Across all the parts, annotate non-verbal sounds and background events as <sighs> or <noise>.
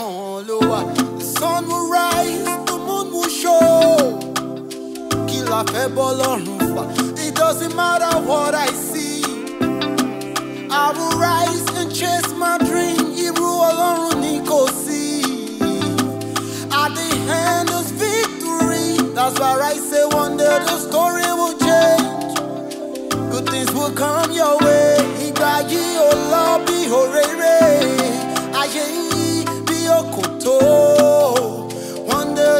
The sun will rise, the moon will show. Kí la fẹ́ bọ́ lọ́rùn It doesn't matter what I see. I will rise and chase my dream. Irú alone ni kò sí. At the end of victory, that's why I say one day the story will change. Good things will come your way. Ìgbà yìí ò lọ bí òréré. Ayé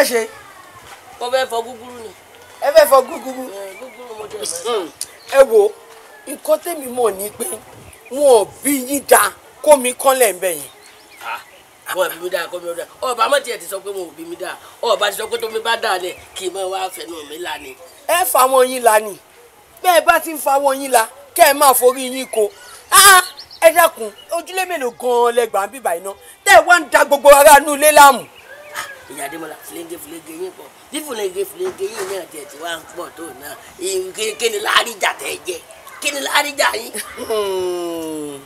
fẹ́ ṣe. mo fẹ́ fọ gúgúrú ni. ẹ fẹ́ fọ gúgúrú. gúgúrú mo jẹ fẹ́. Hmm. ẹ wo nǹkan tèmi mọ̀ ni pé wọn ò bí yín da kó mi kọ́lẹ̀ ń bẹ̀ yẹn. wọn bí mi dáa kó mi dáa ọba àmọ́ tiẹ̀ ti sọ pé wọn ò bí mi dáa ọba ti sọ pé tó mi bá dáa lẹ̀ kì í mọ̀ wá fẹnu mi lani. ẹ fa wọn yín la ni bẹ́ẹ̀ bá ti ń fa wọn yín la kẹ́ ẹ máa forí yín ko ẹ dákun ojúlé mélòó gan-an lẹ gbà iná tẹ́ ẹ wá ń da gbogbo ara nú ilé láàmú ìyá adémọlá fìlẹ́ńgé fìlẹ́ńgé yín pọ̀ bí fìlẹ́ńgé yín náà tiẹ̀ ti wá ń pọ̀ tó náà kí ni láríjà tẹ̀ jẹ́ kí ni yín. Hmm.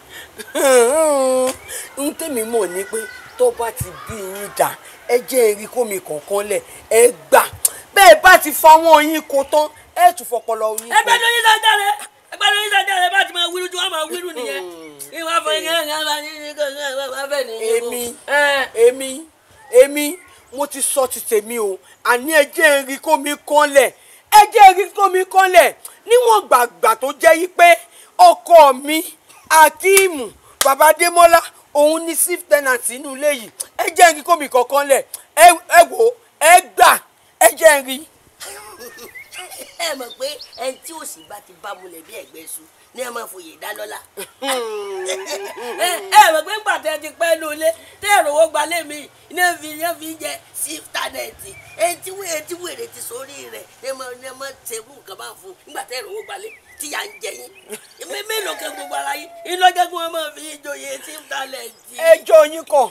<laughs> n tẹ́mi mọ̀ ni pé tó bá ti bí yín dà ẹ jẹ́ erí kómi kọ̀ọ̀kan lẹ̀ ẹ gbà bẹ́ẹ̀ bá ti fọwọ́ yín kó tán ẹ tún fọpọlọ yín kó. ẹgbẹ́ tó yín sọ ẹgbẹ́ tó yín sọ bá ti máa wíru tí wọ́n máa wíru nìyẹn hmm. ìwà fún yín kí wọ́n máa ní kí wọ́n máa fẹ́ nìyẹn. èmi èmi èmi mo ti sọ ti tèmi o àní ẹjẹ́ erin kó mi kánlẹ̀ ẹjẹ́ erin kó mi kánlẹ̀ níwọ̀n gbàgbà tó jẹ́ yí pé ọkọ mi akeemu baba Adémọ́lá òun ní chief tenant inú ilé yìí ẹ jẹ́ n rí kómi kankan lẹ̀ ẹ wò ẹ gbà ẹ jẹ́ <laughs> ẹ mọ̀ pé ẹni tí òsì bá ti bá mulẹ̀ bí ẹ̀gbẹ́ sùn ní ẹ máa fòye dálọ́lá. Hmm. <laughs> ẹ ẹ mọ̀ pé pàtẹ́ ti pẹ́ nu ilé tẹ́ ẹ̀rọ owó gba lémi ní fi ní fi jẹ síftanẹ̀tì etí etí wèrè ti sórí rẹ̀ ní ẹ máa ní ẹ máa tẹ̀wù nǹkan bá fún nígbà tẹ́ ẹ̀rọ owó gba lé tí yà ń jẹ yín mélòó kẹ gbogbo ara yín iná kí wọ́n máa fi ìjòyè síftanẹ̀tì. ẹ jọ yín kọ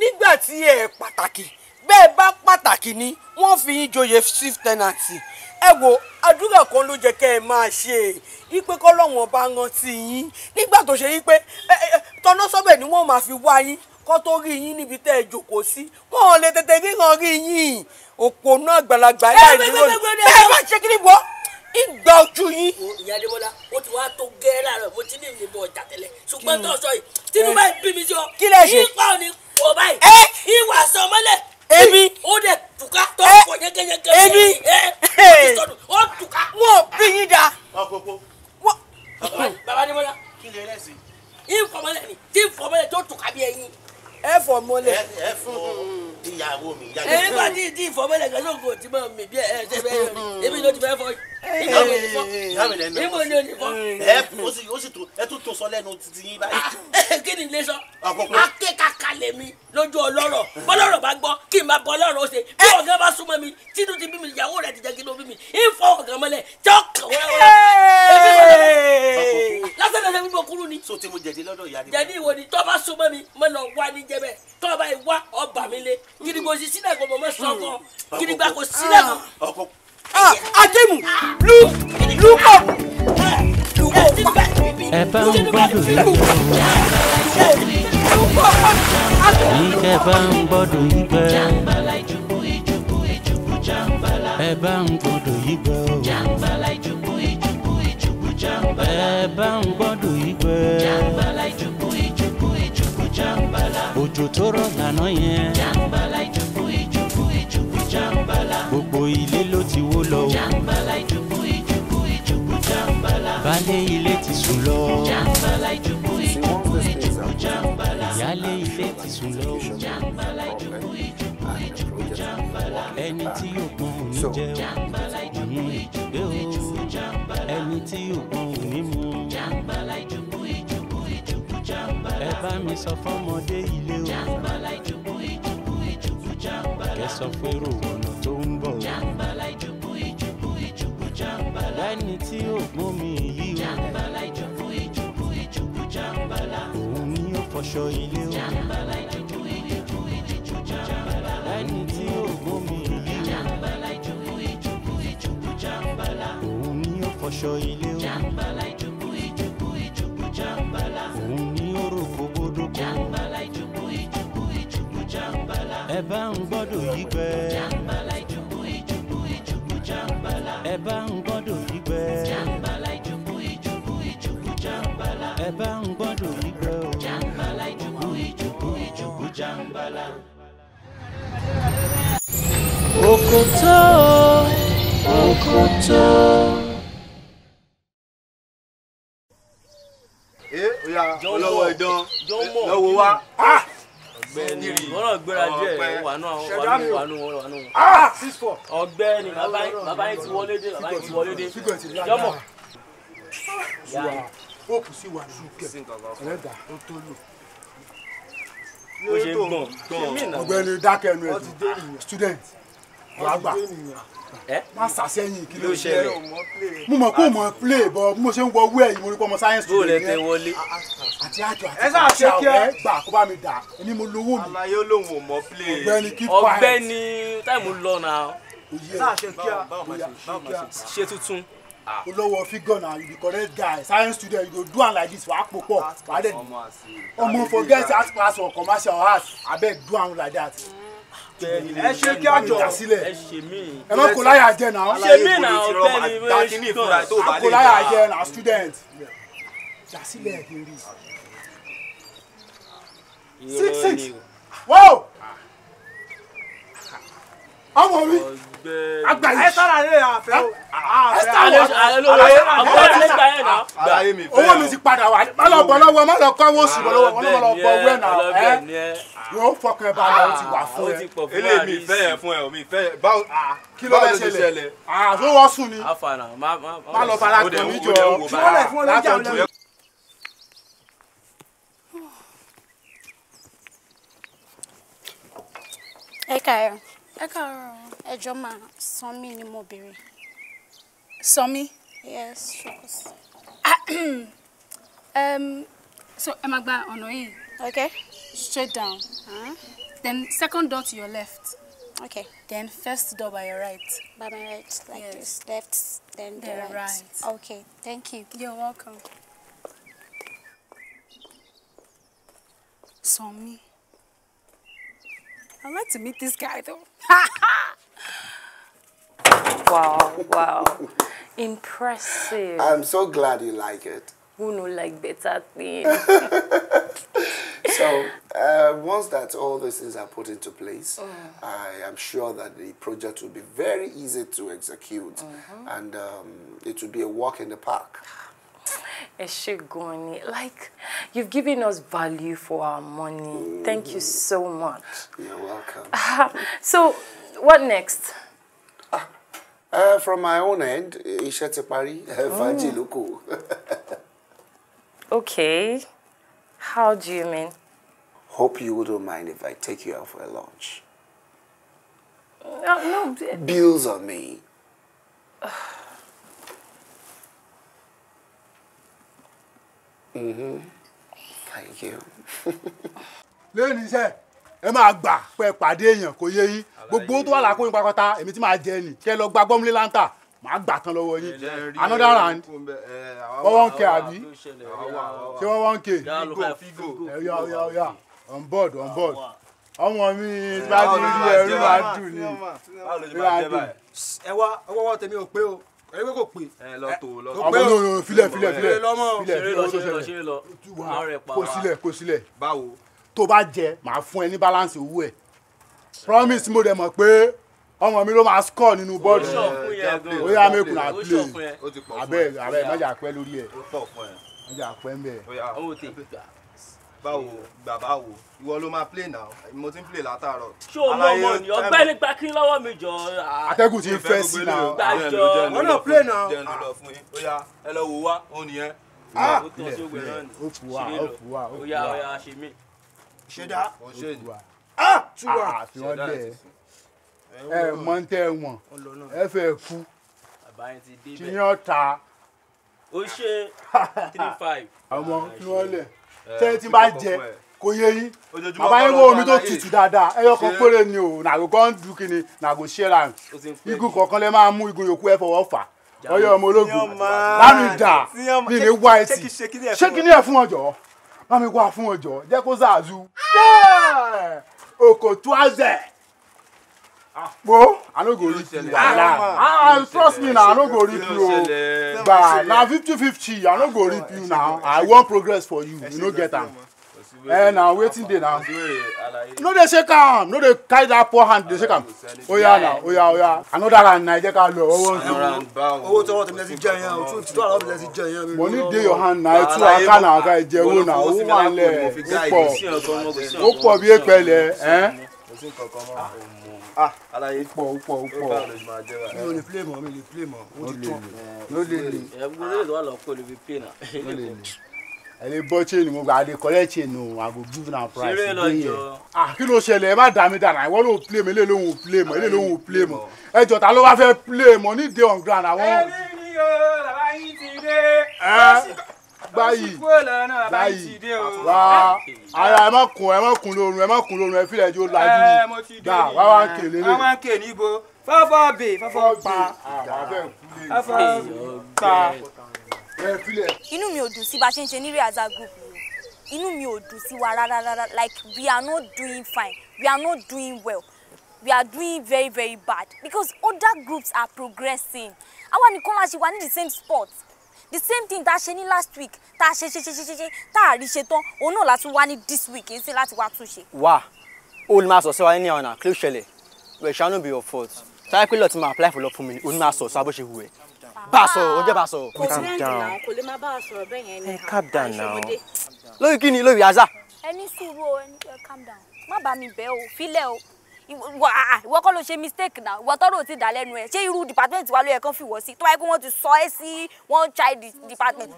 nígbà tí ẹ pàtàkì bẹ́ẹ̀ bá pàtàkì ni wọ́n fi ìjòyè síftanẹ̀tì ẹ wo àdúrà kan ló jẹ́ kẹ́ ẹ máa ṣe ipe kọ́lọ́wọ́n bá rántí yín nígbà tó ṣe yín pé tọ́nà sọ́bẹ̀ ni wọ́n máa fi wá yín kọ́ tó rí yín níbi tẹ́ ẹ jókòó sí wọn ò lè tètè ríran rí yín òpó náà gbàlagbà láì dúró bẹ́ẹ̀ bá ṣe kí ni bọ́ ìgbà ojú yín. ìyá adébọlá ó ti wá tó gẹ́ẹ́ láàárọ̀ mo ti ní ìrìnbọn ọjà tẹ́lẹ̀ ṣùgbọ́n tó sọ yìí tinubu bá bí mi jọ kí lè ṣe ìpa òní kò báyìí ìwà sọmọlẹ̀ èmi. ó dẹ̀ tùkà tó eh, fọ yẹkẹyẹkẹ. èmi. Eh, ó tuka, wọ́n bí yín da. baba ni mo la. kí lè rẹ̀ sí. ìfọ̀mọ́lẹ̀ ni tí ìfọ̀mọ́lẹ̀ tó tùkà bí ẹyin. ẹ fọ̀mọ́lẹ̀. ẹ fọ ìyàwó mi. ẹ bá ti di ìfọ̀mọ́lẹ̀ gẹ́gẹ́ sọ̀kò tí mo mi bí ẹ ẹ ṣe bẹ́ẹ̀ yọ mi èmi ló ti fẹ́ fọ́ yìí ìbò ni olùkọ́. ẹ ó sì tún ẹ tún tún sọ lẹ́nu títí yín báyìí. kí ni ilé sọ akékaka lèmi lójú ọlọ́rọ̀ bọ́lọ́rọ̀ bá gbọ́ kí n bá bọ́ ọlọ́rọ̀ ṣe bí ọ̀gá bá súnmọ́ mi tínú ti bí mi ìyàwó rẹ̀ ti jẹ́ kí ló bí mi ìfọ̀ ọ̀gá mọ́lẹ̀ tí ó kàn wọ́n wọ́n. lásán lọ́sẹ̀ mímọ kúrú ni. so ti mo jẹ̀dí lọ́dọ̀ ìyá ni. jẹ̀dí ìwọ ni tọ́ bá súnmọ́ mi mo lọ wá ní jẹ́bẹ̀ tọ́ bá ìwá ọba mi lé gidigbo sí sílẹ̀ kò mọ̀ mọ́ sọ́kọ̀ gidigba kò sílẹ̀ ah, kò ah Akimu look look up. ẹ bá ń gbọ́dọ̀ yìí o. yìí kẹ́ bá ń gbọ́dọ̀ yìí gbẹ́. ẹ bá ń gbọ́dọ̀ yìí gbẹ́ o. ẹ bá ń gbọ́dọ̀ yìí gbẹ́. òjò tó rọ̀ lànà yẹn. ilé ló ti wó lọ. jàǹbálà ìjùkú ìjùkú ìjùkú jàǹbálà. baálé ilé ti sùn lọ. jàǹbálà ìjùkú ìjùkú ìjùkú jàǹbálà. ìyálé ilé ti sùn lọ. jàǹbálà ìjùkú ìjùkú ìjùkú jàǹbálà. ẹni tí yóò pọn òní jẹ o. jàǹbálà ìjùkú ìjùkú ìjùkú jàǹbálà. ẹni tí yóò pọn òní mu. jàǹbálà ìjùkú ìjùkú ìjùkú jàǹbálà. ẹ bá mi sọ fọmọdé ilé o. jàǹbálà ìjùkú ìjùkú ìjùkú jàǹbálà. kẹsàn-án fẹ́ràn òun náà. ẹni tí ò gbómi yìí o. jàǹbálà ìjòkó ìjòkó ìjòkó jàǹbálà. òun ni ó fọṣọ ilé o. jàǹbálà ìjòkó ìjòkó ìjòkó jàǹbálà. ẹni tí ò gbómi yìí o. jàǹbálà ìjòkó ìjòkó ìjòkó jàǹbálà. òun ni ó fọṣọ ilé o. jàǹbálà ìjòkó ìjòkó ìjòkó jàǹbálà. òun ni ó rò gbogbo jàǹbálà ìjòkó ìjòkó ìjòkó jàǹbálà. ẹ bá ń gbọ́dọ̀ yí pẹ́. jàǹbálà ìjòkó ìjòkó ìjòkó jàǹbálà. ẹ bá ń g jambala. Òkòtó òkòtó. Ee eh, oya olówó ìdán lọ́wọ́ wa. Ah! Ọ̀gbẹ́ni wọn náà gbéra díẹ̀ wà náà wà nù wà nù wà nù. Ah! Ọ̀gbẹ́ni bàbá yìí ti wọlé dé bàbá yìí ti wọlé dé. Jọmọ. Ó kù sí wàhálà ẹ̀rẹ́dà ó tó lò ó ṣe ń gbọ̀n gbọ̀n. ọ̀gbẹ́ni dákẹ́nu ẹ̀ student wàá má sàsẹ́yìn kí ló ṣẹlẹ̀ mo mọ̀ kó mọ̀ play bọ̀ mo ṣe ń wọ wúẹ̀ yìí mo rí pọ́ ọmọ science tó lè tẹ wọlé. àti àjọ àti àjọ ẹ gbà kó bá mi dà èmi mo lówó mi. àlàyé olóhùn ò mọ play kí pa ẹ táìmù lọ ṣe tuntun olówó figure na you be correct guy science student you go do am like this wàá pò pọ̀ wàá dẹ̀ ọmọ forget art class or commercial or art abeg do am like that ẹ ṣe kí àjọ ẹ ṣe mí. ẹ má kó láyà jẹ náà. ṣe mí náà ọ̀tẹ́ni wẹ́ẹ́ sọ. a kó láyà jẹ náà student. six six wow ọmọ mi agbaye. ẹ sọ́ra ilé àfẹ́ o. ẹ sọ́ra ilé àfẹ́ o. owó mi ti padà wá má lọ bọ́ lọ́wọ́ má lọ kọ́ owó sí bọ́ lọ́wọ́ má lọ bọ́ wẹ́ náà ẹ yóò fọkàn ẹ bá a lọ ti wà fún ẹ. ilé mi ìfẹ́ yẹn fún ẹ o mi ìfẹ́ yẹn báwo ah, ah, kí ló bẹ ṣẹlẹ̀. àti ah, wọ́n sùn ni má lọ bala kan níjọ látọ̀jú. ẹ kà ẹ ẹ káàárọ̀. ẹjọ́ máa Sànmí ni mo béèrè. Sànmí. yes sure. um, <coughs> so ẹ máa gba ọ̀nà yìí. okay. straight down. Uh-huh. then second door to your left. okay. then first door by your right. by my right like yes. this left then the, right. right. okay thank you. you're welcome. Sànmí. So, I'd like to meet this guy though. <laughs> wow, wow. Impressive. I'm so glad you like it. Who no like better thing? <laughs> so uh, once that all these things are put into place, mm. I am sure that the project will be very easy to execute, mm -hmm. and um, it will be a walk in the park. Eshigoni, like you've given us value for our money. Mm -hmm. Thank you so much. You're welcome. <laughs> so, what next? uh, from my own end, iṣẹ́ ti eh, mm. Luku. <laughs> Okay. How do you mean? Hope you wouldn't mind if I take you out for a lunch. No, no. Eh. Bills on me. <sighs> <sighs> <sighs> <laughs> thank you. lẹ́yìn iṣẹ́ ẹ máa gbà pé pàdé èèyàn kò yé yín gbogbo tó wà lákòóyìn pátápátá èmi tí máa jẹ ni kẹ́ lọ gba gbọ́múlé láńtà màá gbà tán lọ́wọ́ yín another round wọ́n wọ́n kẹ́ àbí ṣé wọ́n wọ́n kẹ́ ẹ̀yà ọ̀yà ọ̀yà on board on board ọmọ mi bá ti rí ẹrú máa dùn ní. ẹ wá ọwọ́ tèmi ò pé o ẹ wé kò pé. ẹ lọ tó lọ tó. ọmọ náà filẹ filẹ filẹ filẹ lọ ṣeré lọ ṣeré lọ. kò sílẹ̀ kò sílẹ̀. báwo. tó bá jẹ màá fún ẹ ní balance owó ẹ promise mo dẹ̀ mọ̀ pé ọmọ mi ló máa score nínú bọ́ọ̀lù ó yá mẹ́kùn náà play abẹ́ abẹ́ májà pẹ́ lórí ẹ̀ májà pẹ́ ń bẹ̀ báwo bàbá wo ìwọ ló máa play now mo ti ń play látàárọ̀. ṣé o mọ ọmọ ni ọ̀gbẹ́ni gba kí lọ́wọ́ mi jọ. atẹ́gùn ti ń fẹ́ sí i náà. gbàjọ wọn náà play now. jẹun ló lọ fún yín ó yá ẹ lọ wò wá òun nìyẹn. Ah. ó tọ́ sí ògbẹ́ náà ni ṣeré lọ ó yá ó yá ṣe mí. ṣẹdá ó ṣe ní. túwà àfihàn dẹ ẹ mọ ń tẹ wọn ẹ fẹ́ kú kí yàn ta. ó ṣe <laughs> three five. àmọ́ kí ah, wọ́n lẹ̀ ṣé eh, tí n bá jẹ kò yé yín bàbá yín wo omi tó tutù dáadáa ẹyọ kan péré ni o nàgò kan dùn kí ni nàgò ṣẹ́ra igun kọ̀ọ̀kan lè máa mú igun yòókù ẹ fọwọ́ fà ọyọ ọmọ ológun lámì dà mi ní wá etí ṣé kí ni ẹ fún ọjọ́ bá mi wá fún ọjọ́ jẹ́ kó zàzú òkò tó àzẹ̀. kpoo i no go reach ah, ah, ah, you trust me na i no go reach you but na 50 50 i no go reach you now i wan progress for you you no get am eh na wetin dey na no dey shake am no dey carry that poor hand dey shake am oya na oya oya another hand na ijeka lo owó nsọ owó tí wọn tẹ̀lé ti o two fifty two àlọ́ ti jẹ yẹn. money dey your hand na etu aka na aka ìjẹun na owó wà alaye ah, pọ̀ pọ̀ pọ̀ mi ò lè play mọ́ mi lè play mọ́ o ti No, ló lè lè. ẹ̀gbọ́n lè lọ́wọ́ lọ kó lè fi play náà. ló lè lè ẹni bọ́ chain mo gba adé collect chain o i go give na price ṣeré lọ́jọ́. ah kí ló ṣẹlẹ̀ ẹ má dá mi dànù ìwọ ló play mọ́ eléyìí lòun ò play mọ́ eléyìí lòun ò play mọ́ ẹ jọ ta ló wá fẹ́ play mọ́ ní day on ground àwọn. ẹni ni o làwọn yìí ti dé báyìí báyìí wá ara ẹ má kun ẹ má kun lórun ẹ má kun lórun ẹ fílẹ̀ jó lajú ni gbà wá wá ń kè lélẹ̀. wá wá níbo fọ́fọ́ bè fọ́fọ́ pa fọ́fọ́ pa. inú mi ò dùn sí bá a ṣe ń ṣe ní rehearsal group inú mi ò dùn sí wa rárá rárá like we are not doing fine we are not doing well we are doing very very bad because other groups are progressing àwa nìkan la ṣe wà ní the same spot the same thing tá a ṣe ní last week tá a ṣe ṣe ṣe ṣe ṣe tá a rí ṣe tán òun náà láti wá ní this week èyí sí láti wá tún ṣe. wá ó ní máa sọ sí wa ní ọ̀nà kí ló ṣẹlẹ̀ wẹ̀ ṣáà no be your fault táyà pé lọ́ọ̀tì máa apply for love fún mi ó ní máa sọ sọ abó ṣe hù ẹ̀ bá a sọ̀rọ̀ oúnjẹ bá a sọ̀rọ̀. calm down kò lè má bá a sọ̀rọ̀ bẹ́ẹ̀ calm down now lórí kí ni lórí aza. ẹni sùúrù o ẹni calm down má bá mi bẹ́ o fílẹ̀ o Ah, ah, ìwọ kọ́ ló ṣe mistake náà ìwọ tọ́rọ̀ ti dà lẹ́nu ẹ̀ ṣé irú department wa ló yẹ kán fi wọ́ sí tó wáyé pé ti sọ ẹ́ sí one child department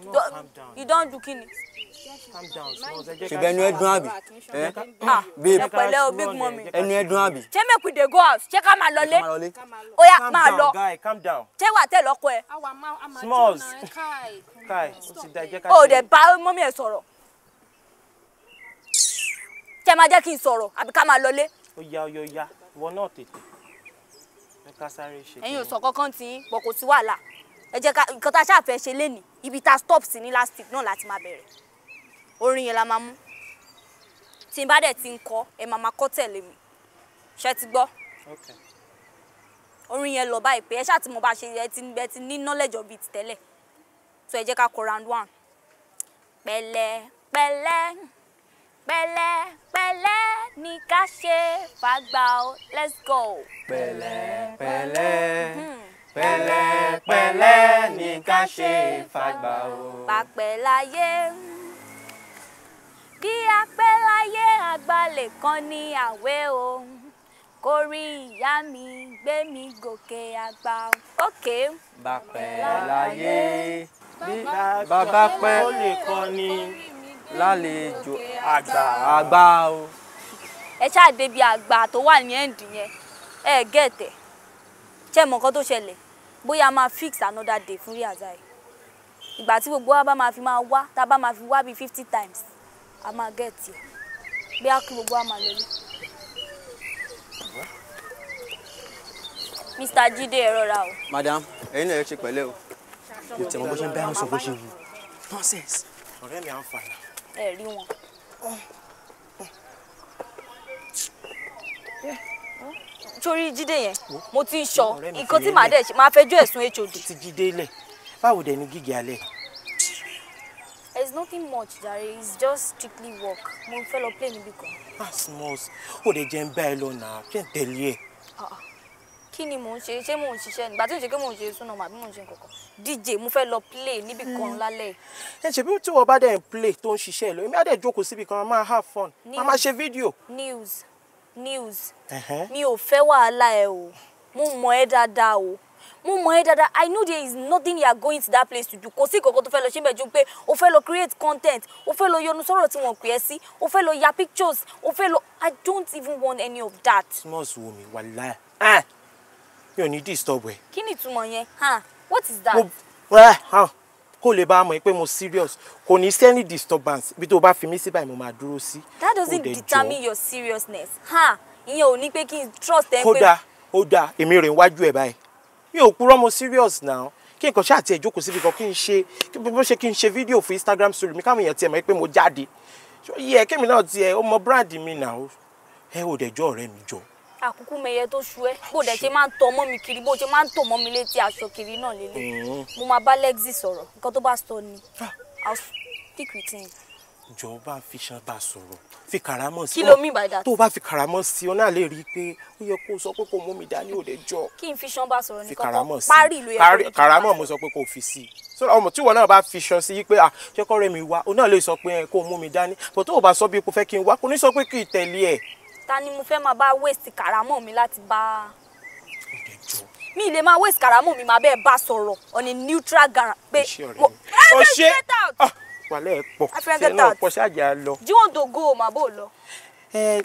ìdánjú kí ni. ṣùgbọ́n ẹnu ẹ dún àbí ah, babe pẹ̀lẹ́ o big mummy ẹnu ẹ dún àbí. ṣé make we dey go house ṣé ká máa lọlé ó yá máa lọ ṣé wà tẹ̀ lọ́kọ ẹ. smalls kai o ti da ẹjẹ ká ṣe. o dẹ̀ bá mọ́mí ẹ̀ sọ̀rọ̀ ṣé máa jẹ́ kí n sọ̀rọ̀ àbí ká máa lọlé ó yá ó yọ yá ìwọ náà tètè ẹ ká sáré ṣe. ẹ̀yin ò sọ kankan tí ń pọ̀ kò sí wàhálà ẹ jẹ́ ká nǹkan tá a ṣáà ṣe lénìí ibi tá a stop sí ní last week náà láti máa bẹ̀rẹ̀ orin yẹn la máa mú tí n bá dẹ̀ ti ń kọ ẹ máa máa kọ tẹ̀lé mi ṣe ti gbọ́ orin yẹn lọ báyìí pé ẹ ṣáà ti mọ bá ṣe ẹ ti ẹ ti ní knowledge of it tẹ́lẹ̀ so ẹ jẹ́ ká kọ round one pẹ̀lẹ́ pẹ̀lẹ́ pẹ̀lẹ́pẹ̀lẹ́ ni ká ṣe fàgbà o let's go. pẹ̀lẹ́pẹ̀lẹ́ pẹ̀lẹ́pẹ̀lẹ́ hmm. ni ká ṣe fàgbà o. pàpẹ́ láyé bí a pẹ́ láyé àgbálẹ̀ kan ní àwẹ̀ o kórí ìyá mi gbé mi gòkè àgbà òkè. bàpẹ́ láyé bàbá pẹ́ ó lè kọ́ ni lálejò àgbà àgbà o. ẹ ṣáà débi àgbà tó wà ní ẹ̀ǹdì yẹn ẹ gẹ̀ẹ́tẹ̀ ṣé mọ̀ tó ṣẹlẹ̀ bóyá máa fix another day fún rí àzá ìgbà tí gbogbo wa bá máa fi máa wá tá a bá máa fi wá bíi fifty times a máa gẹ̀ẹ́tì ẹ̀ bí a kí gbogbo wa máa lọlé. Mr. Jide ẹ rọra o. Madam, ẹ̀yin náà ẹ ṣe pẹ̀lẹ́ o. Kò tẹ̀ bó ṣe ń bá àwọn sọ bó ṣe wù. Nonsense. Ọ̀rẹ́ mi à ń fa ìlà ẹ rí wọn. torí jíde yẹn mo ti ń sọ nǹkan tí màá dẹ̀ ṣe máa fẹjọ́ ẹ̀sùn hod. ti jíde lẹ báwo dẹ̀ ni gíga alẹ́. there is nothing much jare it is just strictly work mo fẹ́ lọ play níbí kan. ah small o dẹ̀ jẹ́ ń bá ẹ lọ kí n tẹ̀lé ẹ. Ah, ah kí ni mò ń ṣe ṣé mò ń ṣiṣẹ́ nígbà tí mo ṣe pé mò ń ṣe súnà màbí mò ń ṣe nǹkan dj mo fẹ́ lọ play níbì kan hmm. lálẹ́. ẹ ṣe bí tí wọn bá dẹ̀ ń play tó ń ṣiṣẹ́ ẹ lọ èmi á dẹ̀ jókòó síbi kan máa have fun máa máa ṣe fídíò. news news mi ò fẹ́ wàhálà ẹ o mo mọ̀ ẹ́ dáadáa o mo mọ̀ ẹ́ dáadáa i know there is nothing you are going to that place to do kò sí ìkọ̀kọ̀ tó fẹ́ lọ ṣe bẹ̀ ju pé o fẹ́ lọ create content o fẹ́ lọ yọnu sọ̀rọ̀ tí wọ́n pè é sí o fẹ́ lọ ya pictures o fẹ́ lọ i don't even want any of that. small wo mi wàhálà mi ò ní disturb ẹ. kí ni ìtumọ̀ yẹn what is that. wẹ́ẹ́ hàn kó lè bá mọ̀ pé mo serious kò ní sí any disturbance bí tó bá fi mí sí mo máa dúró sí. that doesn't determine your seriousness ìyẹn ò ní pé kí n trust ẹ pé. kódà ó dáa èmi rè ń wájú ẹ báyìí mi ò purọ́ mo serious now kí nǹkan ṣáà tiẹ̀ jókòó síbi kan kí n ṣe bó ṣe kí n ṣe fídíò fún Instagram story mi káwọn èèyàn tiẹ̀ mọ̀ pé mo jáde yẹ kémi náà tiẹ̀ ó mọ brand mi náà ẹ ò dẹ̀jọ́ ọ̀rẹ́ mi jọ àkúkú mẹyẹ tó ṣu ẹ bó dẹ ṣe máa ń tọ ọmọ mi kiri bó ṣe máa ń tọ ọmọ mi létí aṣọ kiri náà lélẹ̀ mm-hmm. mo máa bá lexi sọ̀rọ̀ nǹkan tó bá sọ ni ah. i'll speak with him. jọba fi ṣan bá sọ̀rọ̀ fi karamọ sí ọ kí ló mean by that. tó o bá fi karamọ sí ọ náà lè rí i pé ó yẹ kó o sọ pé kò mú mi dání òde jọ. kí n fi ṣan bá sọ̀rọ̀ nìkan tó parí ìlú yẹn. karamọ mo sọ pé kò fi sí i sọ̀rọ̀ ọmọ tí wọn náà bá fi ṣan sí pé ṣẹ́kọ́ rẹ̀ mi wá o náà lè sọ pé kó o mú mi dání bọ̀ tó o bá sọ bí kò fẹ́ kí n wá kò ní sọ pé kí n tẹ̀lé ẹ̀ ta ni mo fẹ́ máa bá waste karamọ́ mi láti bá mi lè máa waste karamọ́ mi máa bẹ́ẹ̀ bá sọ̀rọ̀ on a neutral ground pé o ṣe wàlẹ́ pọ̀ fẹ́ náà pọ̀ ṣáàjà lọ. do you want to go mà bò lọ.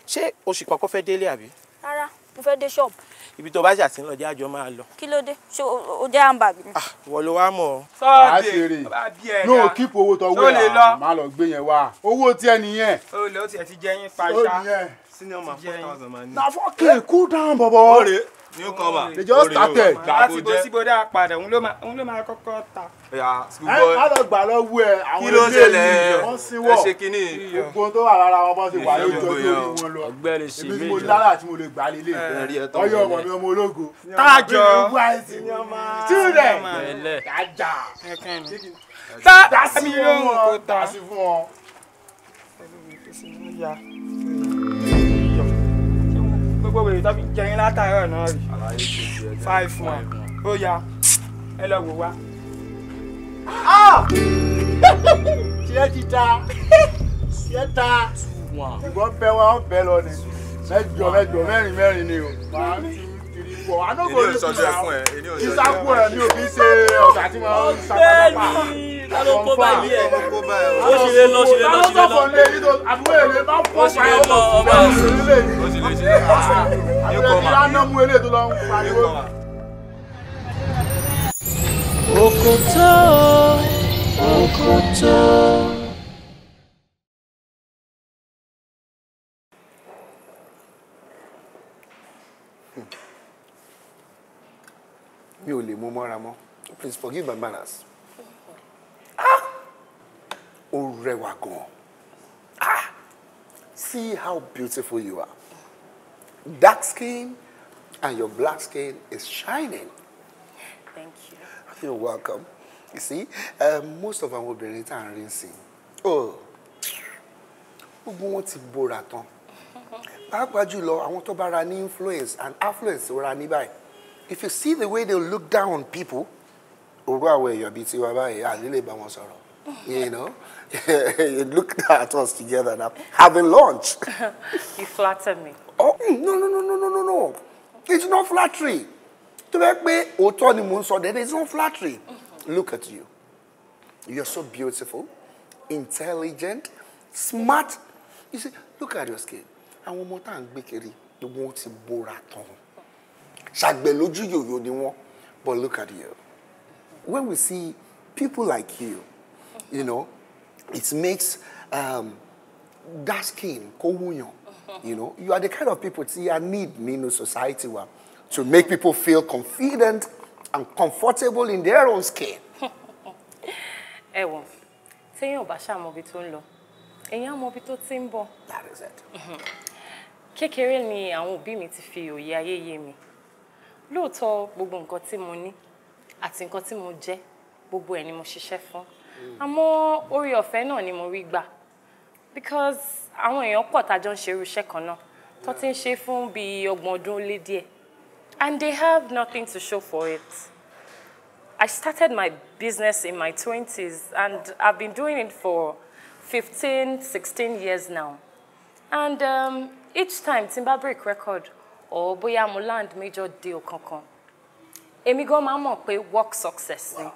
ṣé oṣù kọ́kọ́ fẹ́ délé àbí. rárá mo fẹ́ dé ṣọ́ọ̀bù. ibi tó bá ṣàtì lọ jẹ́ àjọ máa lọ. kí ló dé ṣé o jẹ́ handbag mi. Ah, wọ́n ló wá mọ̀ ọ́. sọ́ọ̀dì bá bí ẹ̀ kí owó tọ́wọ́ ẹ̀ máa lọ gbé yẹn wá owó tiẹ̀ nìyẹn. olè ó tiẹ̀ ti jẹ́ yín pa ṣá. Senior man, 4,000 man. Now 4K, eh, cool down, Bobo. Ore, newcomer. They just started. Láti go sí bóde àpàdé, òun ló máa kọ́kọ́ ta. Ẹ eh, á lọ gbà lọ́wọ́ ẹ, àwọn ilé ìlú wọ́n sí wọ̀. Ẹ ṣe kínní. Gbogbo tó wà lára wọn bọ́ sí wà lójú ọjọ́ orí lọ. Ọgbẹ́ni sì méjì. Èmi mo dára tí mo lè gbà lélẹ̀. Eh, Ọyọ ọmọ mi ọmọ ológo. Tájọ. Tíúdẹ̀. Tájà. Tá mi yóò kó Tá sí fún ọ gbogbo wèrè tó fi jẹrin látàárọ̀ náà rí five one ó yá ẹ lọ wò wá. Ah! <laughs> tiẹ̀ ti ta tiẹ̀ ta ìbọn bẹ́ wọn bẹ́ lọ ni mẹ́jọ mẹ́jọ mẹ́rin mẹ́rin ni o wọ̀ I no go look you now ìsàkú ẹ̀ mi ò ṣe ọ̀gá tí mo ń sàpàdàpà confam ó sì lè lọ sí lè lọ sí lè lọ àbúrò èlé máa ń pọ̀ sí lè lọ ọba òsèlè àbúrò èlé lánàá mú eré tó lọ ń pariwo. Òkòtó, òkòtó. mi ò lè mú mọ́ra mọ́ please forgive my manners. ah ó rẹwà gan-an ah! see how beautiful you are dark skin and your black skin is shining. thank you. you're welcome. you see uh, most of àwọn obìnrin tá à ń rí sí oh gbogbo wọn ti bóra tán pàápàá jùlọ àwọn tó bá ra ní influence and affluence ra ní báyìí if you see the way they look down on people òru àwọn èèyàn bíi tiwa báyìí àlélè you know <laughs> you looked at us together now having lunch. <laughs> you flatter me. oh mm, no no no no no no no it's not flattery To make me òótọ́ ni mò ń sọ it's not flattery look at you you're so beautiful intelligent smart you see look at your skin I want more à ń You want gbogbo wọn ti ṣàgbẹ̀lójú yòyò ni wọ́n but look at you when we see people like you you know it makes um, dark skin kó wúyàn you know you are the kind of people tí a need nínú society wa to make people feel confident and comfortable in their own skin. <laughs> ẹ wọ téèyàn bá ṣàmọbi tó ń lọ èèyàn àmọbi tó ti ń bọ̀. that is it. kékeré ni àwọn òbí mi ti fi òye ayé yé mi lóòótọ́ gbogbo nǹkan tí mo ní àti nǹkan tí mo jẹ́ gbogbo ẹ̀ ni mo ṣiṣẹ́ fún hmm. àmọ́ orí ọ̀fẹ́ náà ni mo rí gbà because àwọn èèyàn pọ̀ tájọ́ ń ṣe irú iṣẹ́ kan náà tó ti ń ṣe fún bíi ọgbọ̀n ọdún lé díẹ̀ and they have nothing to show for it. I started my business in my twenties, and I've been doing it for 15, 16 years now. And um, each time, Timber break record, or bóyá mo land major deal kankan èmi go máa mọ̀ pé work success ni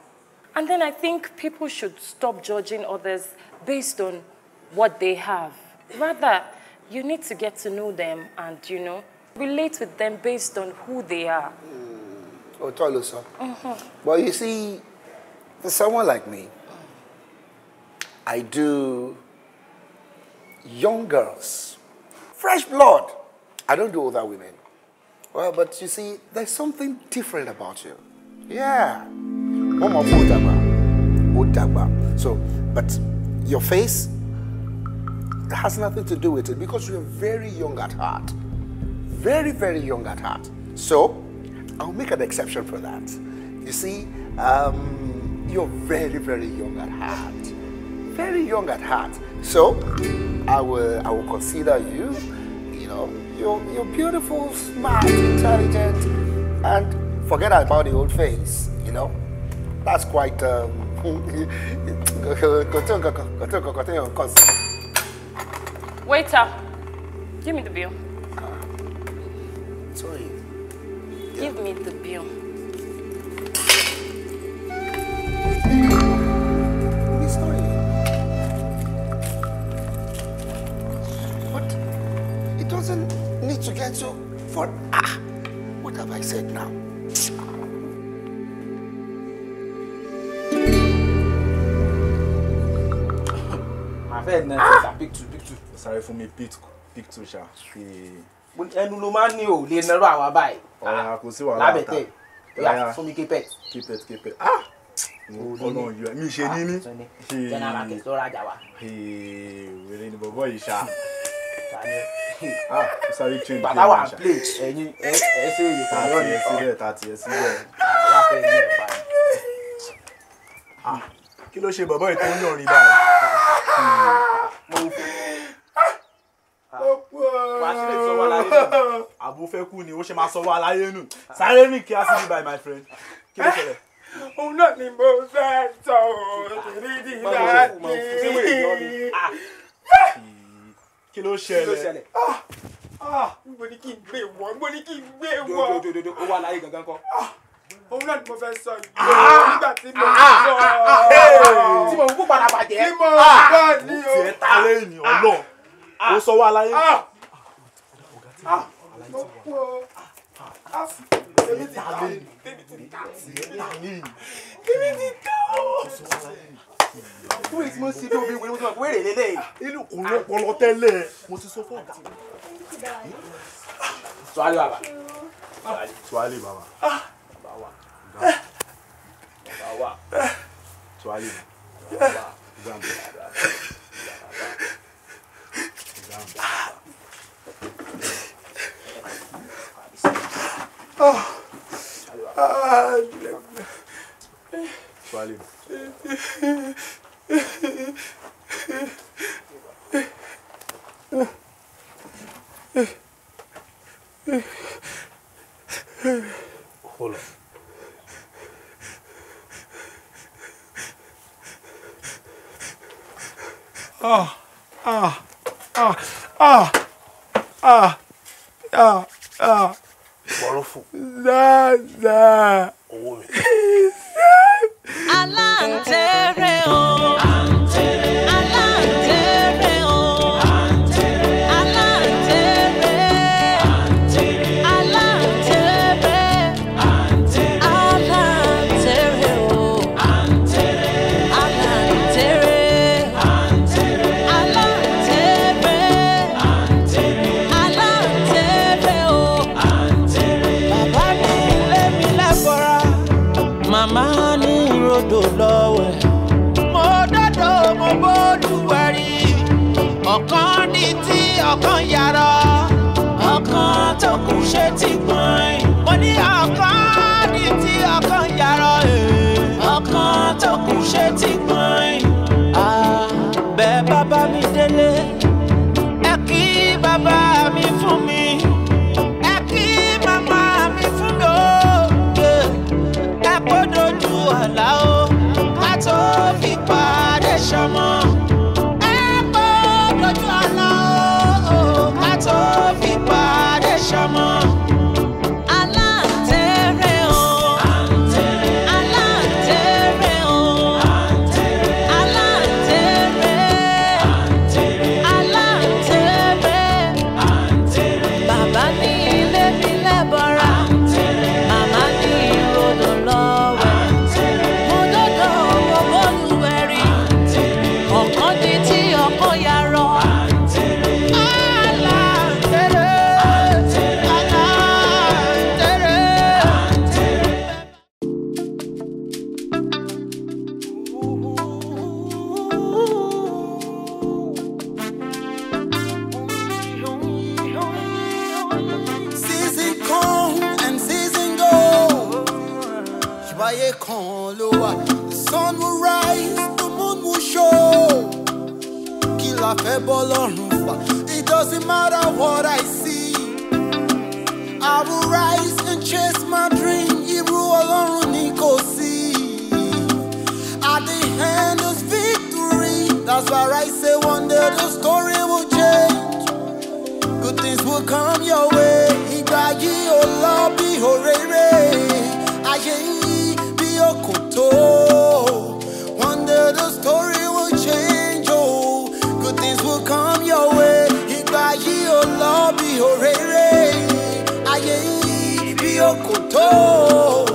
and then I think people should stop judging others based on what they have rather you need to get to know them and you know relate with them based on who they are. Hmm, òótọ́ ló sọ Well, mm-hmm. you see for someone like me I do young girls fresh blood I don't do older women. Well, but you see, there's something different about you. Yeah. So, but your face has nothing to do with it because you're very young at heart. Very, very young at heart. So, I'll make an exception for that. You see, um, you're very, very young at heart. Very young at heart. So, I will, I will consider you know, you're, you're beautiful, smart, intelligent, and forget about the old face, you know. That's quite, um, <laughs> Waiter, give me the bill. Uh, sorry. Yeah. Give me the bill. And so, for ah, what have I said now? My friend, uh, ah! pick two, pick two. Sorry for me, pick two, pick two, sha. Ẹnu ló máa ń ní o lè nẹ́rọ àwa báyìí. Ọ̀rọ̀ ah, kò sí wàhálà ta. Lábẹ̀tẹ̀, ìyá fún mi képẹ̀. Képẹ̀ képẹ̀. Ah! Ọlọ́run yọ mi ṣe níní. Jẹ́nà Rákẹ́ ló rajà wa. Wèrè ni bọ̀bọ̀ yìí ṣá ah o sáré change game bàtà wà play ẹyin ẹ ẹ ṣe èyí kan yọ ní ọ tàti ẹ síbẹ̀ tàti ẹ síbẹ̀. kí ló ṣe bàbá ètò ń yọrin báyìí. Ah, ah. àbò fẹ́ kú ni ó ṣe máa sọ wá láyé nù sáré ní kí á sí bíbáyìí my friend kí ló ṣẹlẹ̀ òun náà ni mo fẹ́ sọ òdìrí dìrá ní kí ló ṣẹlẹ̀ níbo ah! ah! ni kí n gbé wọ níbo ni kí n gbé wọ. dododo ó wà láyé gangan kọ. Ah! òun náà ni mo fẹ́ sọ yìí nígbà tí mo sọ tí mo kú padà bàjẹ́ tí mo bá ní o. tiẹ̀ ta lẹ́yìn ọlọ́ o sọ wà láyé. mo o tèmi ti ta tèmi ti ta tèmi ti ta o fún èyí tí mo ń ṣe bí obìnrin wẹ́rẹ́ mo ti máa wẹ́rẹ́ lélẹ̀ inú kò lọ́pọlọ tẹ́lẹ̀ mo ti sọ fún ọ̀gá. tuwali baba tuwali baba bawa bawa tuwali baba gambo gambo. Oh. Ah, Swallow. Hold on. Ah, ah, ah, ah, ah, ah, ah. Wonderful. Nah, nah. Owó mi. Santereo. Oh. chamar. ayé kan ló the sun will rise the moon will show. kí la fẹ́ bọ́ lọ́rùn it doesn't matter what I see. I will rise and chase my dream. Irú Ọlọ́run ni kò sí. At the end of victory. That's why I say one day the story will change. Good things will come your way. Ìgbà olabi ò lọ bí òréré. Ayé told. One day the story will change, oh. Good things will come your way. Igba yi o lọ bi orere, ayé yìí bí o kò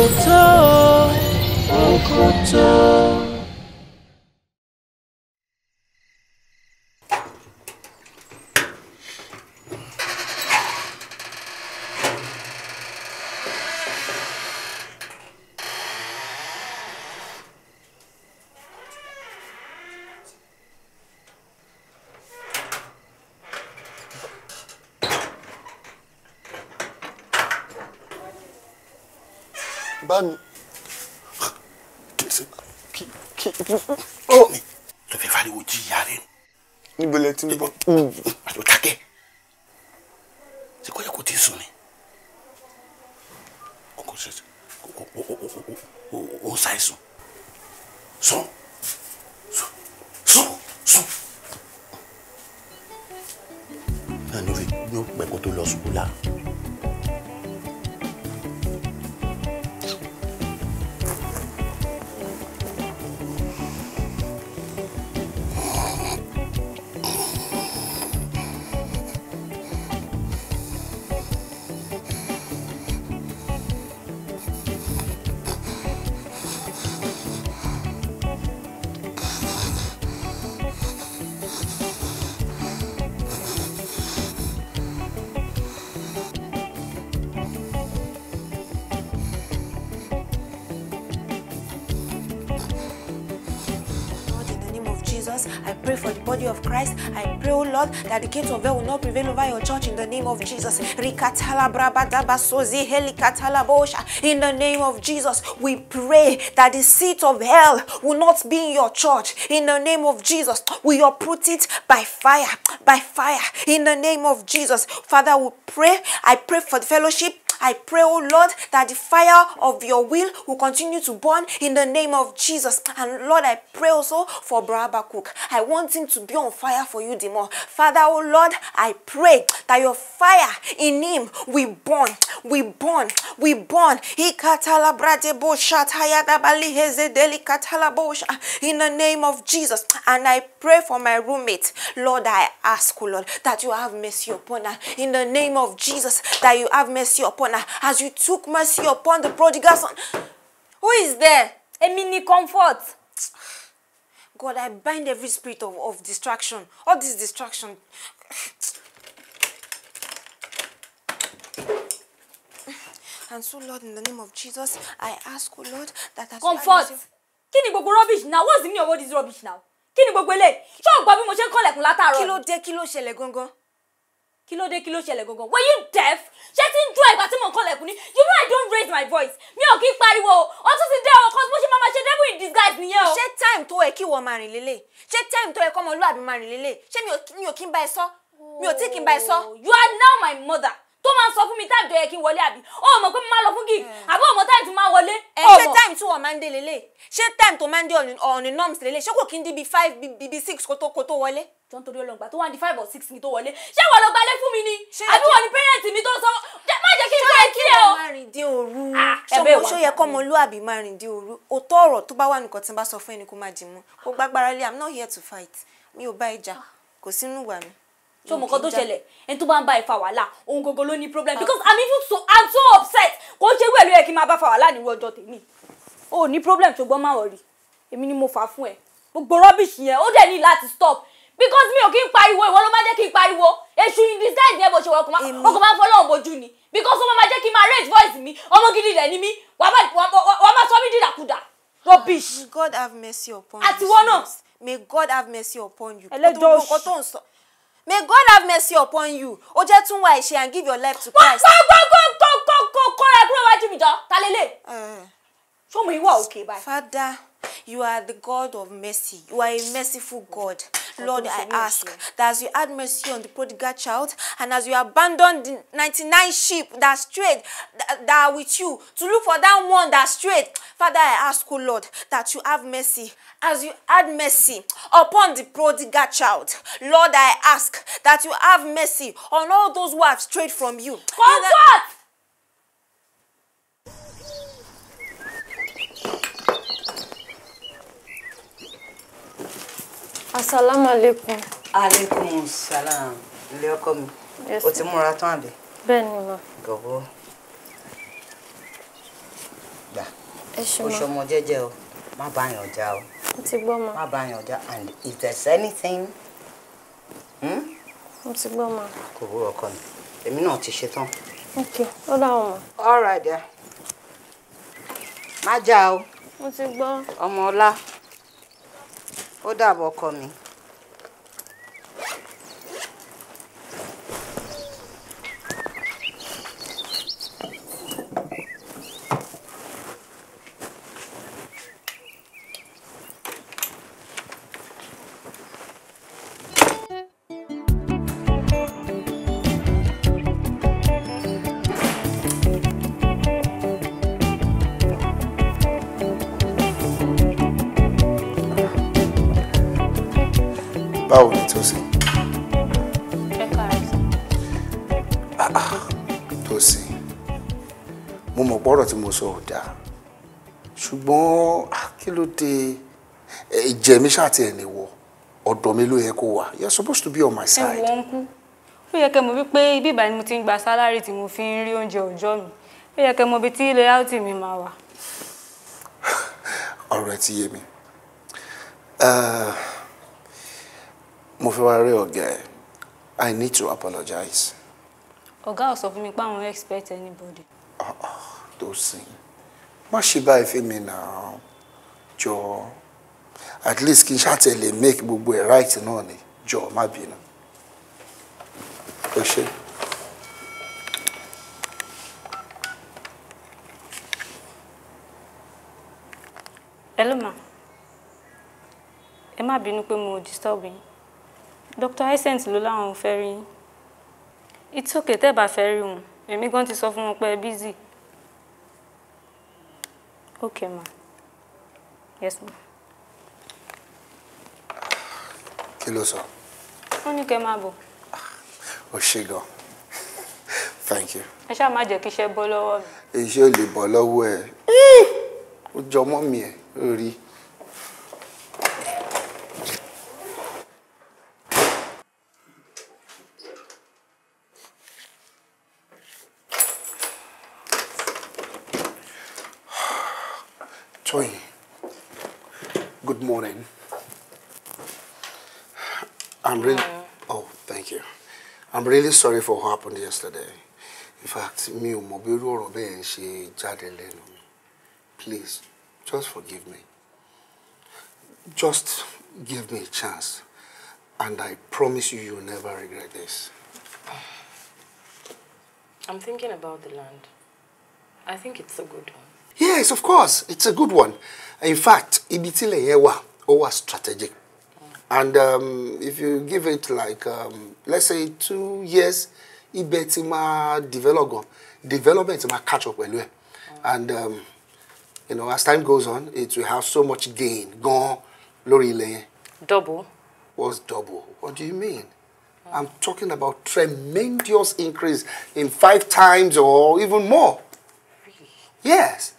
멈춰 멈춰 어, у Christ. I pray, O oh Lord, that the gates of hell will not prevail over your church in the name of Jesus. In the name of Jesus, we pray that the seat of hell will not be in your church. In the name of Jesus, we uproot it by fire, by fire. In the name of Jesus, Father, we pray. I pray for the fellowship I pray, oh Lord, that the fire of your will will continue to burn in the name of Jesus. And Lord, I pray also for Brahaba Cook. I want him to be on fire for you the more. Father, oh Lord, I pray that your fire in him will burn, we burn, we burn. In the name of Jesus. And I pray for my roommate. Lord, I ask, oh Lord, that you have mercy upon her. In the name of Jesus, that you have mercy upon corner as you took mercy upon the prodigal son. Who is there? A mini comfort. God, I bind every spirit of, of distraction. All this distraction. And so, Lord, in the name of Jesus, I ask, oh Lord, that as Comfort! Kini ni gbogbo rubbish now? What's the meaning of all this rubbish now? kini go gbogbo eléyìí? Ṣé o gbọ́ bí mo ṣe ń kọ́lẹ̀kùn látàárọ̀? Kí ló dé kí kí ló dé kí ló ṣẹlẹ̀ gangan were you deaf ṣé tí ń dún ẹ̀gbà tí mò ń kọ́lẹ̀kùn ni you know I don't raise my voice mi ò kí ń pariwo o tún ti dé o cos bó ṣe máa ma ṣe devil in disguise nìyẹn o. ṣé time tó yẹ kí ìwọ máa rìn lélẹ̀ ṣé time tó yẹ kọ́ ọmọlúwàbí máa rìn lélẹ̀ ṣé mi ò kí ń bá ẹ sọ mi ò tí kí ń bá ẹ sọ. Oh, you are now my mother tó máa ń sọ fún mi táìmù tó yẹ kí n wọlé àbí ó mọ̀ pé mo máa lọ fún gig àbí ó mọ̀ time tó máa wọlé. ẹ ṣé táìmù tí wọn máa ń dé lélẹ̀ ṣé táìmù tó máa ń dé ọ̀nì norms lélẹ̀ ṣé kò kí n dé bíi five bíi six kó tó kó wọlé jọ nítorí ọlọ́ngbà tó wà ní five or six ni tó wọlé ṣé wọ́n lọ gbalẹ̀ fún mi ni àbí wọ́n ní pẹ́rẹ́ǹtì mi tó sọ má jẹ́ kí n fẹ́ kí ẹ o. Ah, ṣó yẹ kọ́ ọmọlúàbí máa rìn dé òru òótọ́ ọ̀rọ̀ tó bá wà nìkan tí n bá sọ fún ẹni kó má dì mú kó gbágbára lé i'm not here to fight mi ò bá ìjà kò sínú ìwà mi so mo kan tó ṣẹlẹ̀ ẹni tó bá ń bá ìfà wàhálà òun gangan ló ní problem ah. because i'm even so i'm so upset kò ṣe wẹ̀lú yẹ kí n máa bá fà wàhálà nírú ọjọ́ tèmi o problem ṣùgbọ́n má wọ̀rì èmi ni mo fà fún ẹ gbogbo rubbish yẹn ó dẹ̀ ní láti stop because mi ò kí ń pariwo ìwọ ló máa jẹ́ kí n pariwo èṣù ni disguise yẹn bó ṣe wọ ọkùnrin máa ọkùnrin máa ń ni because wọ́n máa jẹ́ kí n raise voice mi ọmọ gidi rẹ̀ ni mí wàá máa sọ mí dìdàkudà rubbish. may God have mercy upon you. àtiwọ́ náà. may God have mercy upon you. ẹlẹ́jọ́ oṣù. may God have mercy upon you. o jẹ́ tún wá ẹ̀ṣẹ̀ and give your life to Christ. wọ́n gbọ́ gbọ́ gbọ́ gbọ́ gbọ́ kọ́ra kúrò wájú mi jọ ta lélẹ̀. fún mi ìwà òkè báyìí. Father, you are the God of mercy. You are a merciful God. Lord, I ask that as you had mercy on the prodigal child and as you abandon the 99 sheep that strayed, that, are with you, to look for that one that strayed, Father, I ask, O oh Lord, that you have mercy as you had mercy upon the prodigal child. Lord, I ask that you have mercy on all those who have strayed from you. Comfort! Assalamu alaikum. Alaikum salam. Ilé Yes. O ti múra tán àbí? Bẹ́ẹ̀ni ma. Gọ̀wọ́. Gbà. Ẹ ma. Oṣù ọmọ jẹ́jẹ́ o. Má bá yàn já o. Mo ti gbọ́ ma. Má bá yàn já and if there's anything. Hmm? Mo ti gbọ́ ma. Kò wú ọkọ mi. Èmi náà ti ṣetán. Ok, ó dáhùn ma. All right there. Ma já o. Mo ti gbọ́. Ọmọ ọlá ó dàbọ̀ ọkọ mi. jẹ̀mí ṣáàtì ẹ̀ nìwọ ọ̀dọ̀ mi ló yẹ kó wà you are supposed to be on my side. ẹ kú ó yẹ kẹ́ mọ̀ wípé ibi ìbàdàn mo ti ń gba sálárì tí mo fi ń rí oúnjẹ òòjọ́ mi ó yẹ kẹ́ mọ̀ ibi tí ilé áùtì mi máa wà. <laughs> ọ̀rọ̀ ẹ ti yé mi eh, mo fẹ́ wá rí ọ̀gá ẹ̀ I need to apologize. ọ̀gá ò sọ fún mi pé àwọn expect anybody. Oh, oh, tó sìn má ṣe báyìí fún mi náà jọ̀ọ́ at least kí n ṣàtẹ̀ make gbogbo ẹ̀ right náà ni jọ má bínú ẹ ṣe. hello ma ẹ má bínú pé mo disturb yín dr hyacint ló láwọn fẹ́ rí yín it's okay tẹ́ ẹ bá fẹ́ rí wọn èmi gan ti sọ fún wọn pé ẹ busy okay ma yes ma. kí ló sọ. ó ní kẹ́ máa bọ̀. ó ṣe gan thank you. ẹ ṣáà má jẹ́ kí iṣẹ́ bọ́ lọ́wọ́ mi. iṣẹ́ ò lè bọ́ lọ́wọ́ ẹ̀ ó jọ mọ́ mi ẹ̀ rí really sorry for what happened yesterday. In fact, me ò mọ̀ bí irú ọ̀rọ̀ bẹ́ẹ̀ ṣe jáde lẹ́nu mi. Please, just forgive me. Just give me a chance. And I promise you, you'll never regret this. I'm thinking about the land. I think it's a good one. Yes, of course. It's a good one. In fact, ibi tí ilẹ̀ strategic And um, if you give it like, um, let's say two years, ibẹ̀ ti máa develop Development máa catch up pẹ̀lú And um, you know, as time goes on, it will have so much gain gone, lórí Double. What's double? What do you mean? I'm talking about tremendous increase in five times or even more. Really? Yes.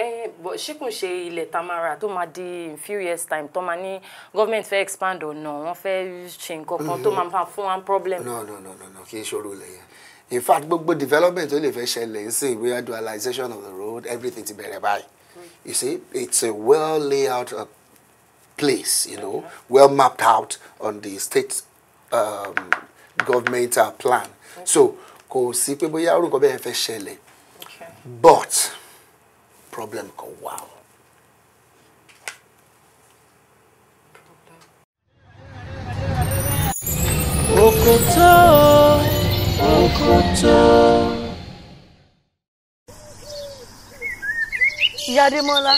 Eh, ṣé kò ṣe ilẹ̀ tamara tó máa di in few years time tó máa ní government fẹ́ expand ọ̀nà wọ́n fẹ́ ṣe nǹkan kan tó mm-hmm. máa fún wa problem. no no no no no. í ṣòro lẹ̀ yẹn in fact gbogbo development tó lè fẹ́ ṣẹlẹ̀ ń we bóyá dualization of the road everything ti bẹ̀rẹ̀ báyìí you see it's a well laid out uh, place you know mm-hmm. well mapped out on the state um, government plan So, ko so kò sí pé ko be fe fẹ́ but problem kò wà o. Òkòtó òkòtó. Ìyá Adémọ́lá,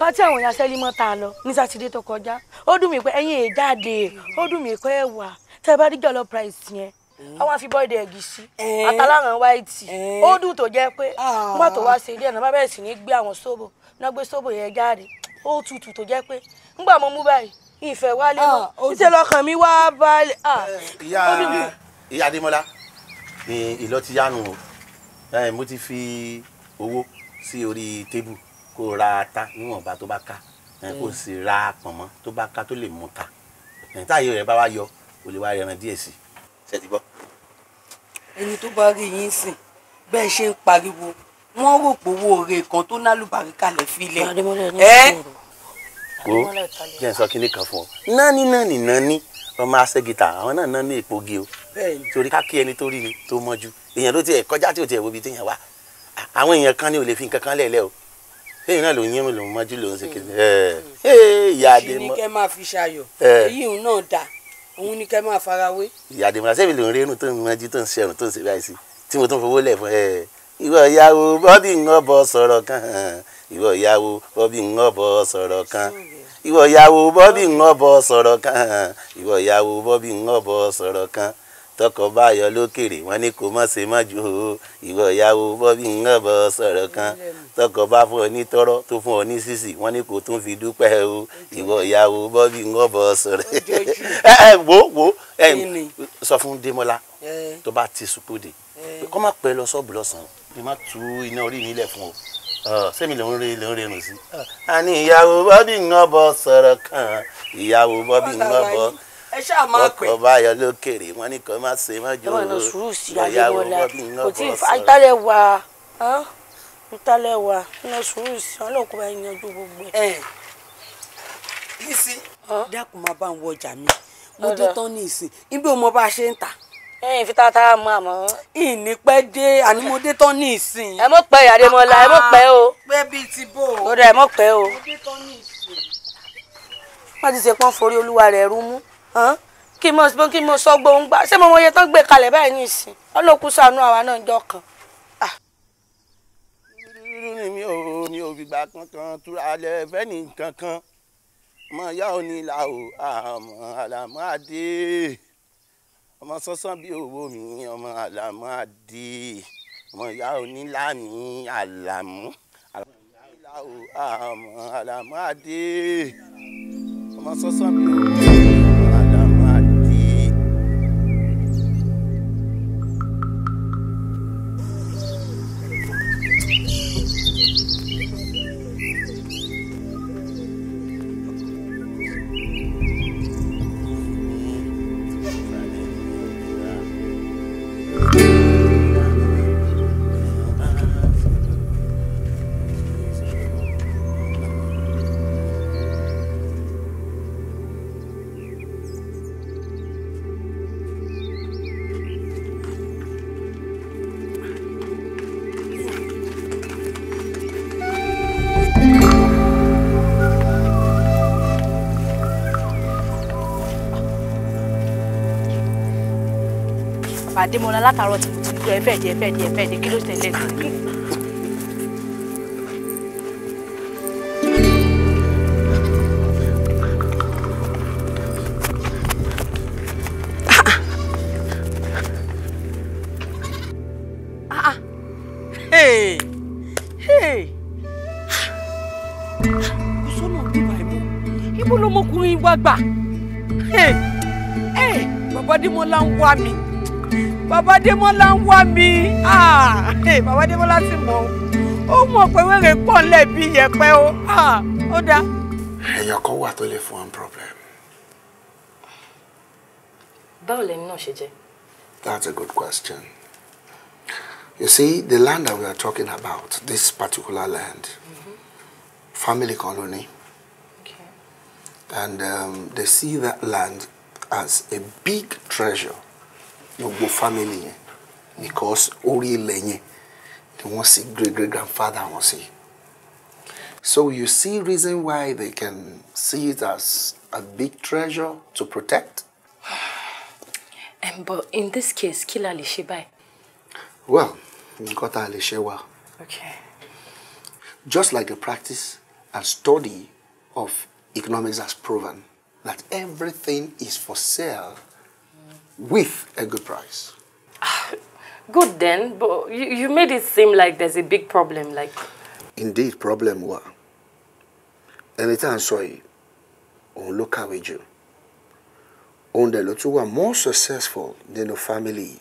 pátí àwọn èèyàn sẹ́límọ́ tá a lọ ní sátidé tó kọjá. Ó dùn mí pé ẹ̀yin èèjáde, ó dùn mí pé ẹ̀wà tẹ́ bá dígbà lọ price yẹn àwọn àfi bọ́ọ̀dì ẹ̀gì sí àtàlàrán wáìtì ó dùn tó jẹ́ pé ah. wọ́n tó wá ṣe ilé ẹ̀nà bábẹ́ sì ní gbé àwọn sóbò náà gbé sóbò yẹn jáde ó tutù tó jẹ́ pé ńgbà mo mú báyìí ìfẹ́ wálé mọ́ ah, níṣẹ́ lọ́kàn mi wá balẹ̀. Ah, eh, ìyá ìyá Adémọ́lá ìlọ ti yánu o eh, mo ti fi owó sí orí tébù kó ra ata níwọ̀nba tó bá ká eh, kó hmm. sì ra pọ̀nmọ́ tó bá ká tó lè mú ta táyé rẹ̀ bá wá yọ ó wá rẹran díẹ̀ sí ṣe ti gbọ́. ẹni tó bá rí yín sìn bẹ́ẹ̀ ṣe ń pariwo wọ́n rò pé owó oore kan tó nálùbáríkà lè fi lẹ̀. kó jẹ́ n sọ kí ni kan fún ọ nání nání nání ọmọ asẹ́gìtà àwọn náà nání èpogi o torí ká kí ẹni tó rí ni tó mọ́jú èèyàn ló tiẹ̀ kọjá tí ò tiẹ̀ wo ibi téèyàn wà àwọn èèyàn kan ní o lè fi nǹkan kan lẹ̀ o lẹ́yìn náà ló ń yẹn ló ń mọ́jú ló ń ṣe kí ni hmm. ìyá adé mọ́. ṣìníkẹ́ máa fi ṣayọ̀ èyí náà dáa òun ni kẹ́ máa farawé. ìyá àdèmọ̀lá sẹ́mi ló ń rẹ́rùn tó ń mọ́jú tó ń ṣẹ̀rùn tó ń ṣe báyìí sí tí mo tún fowó lẹ̀ fún ẹ ìwọ ìyàwó bọ́bí ń ọ̀bọ sọ̀rọ̀ kan ìwọ ìyàwó bọ́bí ń sọ̀rọ̀ kan ìwọ ìyàwó bọ́bí ń sọ̀rọ̀ kan ìwọ ìyàwó bọ́bí ń sọ̀rọ̀ kan tọkọ bá yọ lókèrè wọn ní kò mọ̀ ṣe mọ̀ ju ìwọ ìyàwó bọ́bí ń hàn bọ́ sọ̀rọ̀ kan tọkọ bá fún ọ ní tọrọ tó fún ọ ní sísì wọn ní kò tún fi dúpẹ́ o ìwọ ìyàwó bọ́bí ń hàn bọ́ wo wo ẹ sọ fún Démọ́lá tó bá ti sùpòdè kọ́ má pẹ́ lọ sọ́ọ̀bù lọ́sàn-án ni má tú iná orí mi lẹ̀ fún ọ sẹ́mi ló rí ló rí irun sí. àní ìyàwó bọ́bí ń hàn bọ́ kan ìyàwó bọ́bí ń hàn bọ́ ẹ ṣáà máa pè. ọkọ báyọ lókèrè wọn ní kò má ṣe má jò ó ìyàwó wọn kò tí ì fa ìtàlẹ̀ wà ìtàlẹ̀ wà iná sùúrù sí wọn lóko bá yanjú gbogbo ẹ. Lizzy dákun máa bá ń wọ ọjà mi mo dé tán ní ìsìn níbi ò mọ bá a ṣe ń tà ẹyìn fi tata mọ àmọ. ìní pẹ́ dé ànímọ́dé tán ní ìsìn. ẹ mọ̀ pẹ́ ìyàdémọ́lá ah, ẹ mọ̀ pẹ́ o. pẹ́ bíi ti bò. ó dà ẹ mọ̀ pẹ́ o. wọ́n ti ṣe pọ́n forí olúwa rẹ̀ rú mú kí mo sọ kí mo sọ gbóhùn gbà ṣé mo mọ iye tán gbé kalẹ̀ báyìí ní ìsìn ọlọ́kù sànú àwa náà jọ kan. Ah. mi ò mi ò fìgbà kankan túra lẹ kankan ọmọ ìyá ò ìlà o àmọ́ àlàmọ́ àdé ọmọ sọ́sán bíi owó mi ọmọ àlàmọ́ àdé ọmọ ìyá ò ìlà ní àlàmọ́ àlàmọ́ àdé ọmọ sọ́sán bíi owó mi. Thank you. Adémọ́lá látàárọ̀ tí mo ti gbọ́ ẹ̀fẹ́ di ẹ̀fẹ́ di ẹ̀fẹ́ di kí ló ṣẹlẹ̀ sí. sọ́nà bíbá ìmọ̀ ibo lọmọkùnrin wa gbà bàbá Adémọ́lá ń wá mi bàbá Démọ́lá ń wá mi ah, bàbá Démọ́lá ti mọ̀ ó mọ̀ pé wèrè pọ̀ lẹ́bi yẹpẹ́ o ah, ó dá. èèyàn kan wà tó lè fún one problem. báwo lẹ́nu náà ṣe jẹ́. That's a good question. You see, the land that we are talking about, this particular land, mm-hmm. family colony, okay. and um, they see that land as a big treasure gbogbo family yẹn because orí ilẹ̀ yẹn ni wọ́n sì great great grandfather wọn sí. So you see reason why they can see it as a big treasure to protect. Um, <sighs> but in this case, kí la lè ṣe báyìí? Well, nǹkan tá a lè ṣe wà. Okay. Just like the practice and study of economics has proven that everything is for sale with a good price. <sighs> good then, but you, you made it seem like there's a big problem, like... Indeed, problem wa. Ẹni tá à ń sọ yìí, òun ló kàwé jù. Òun dẹ̀ more successful than the family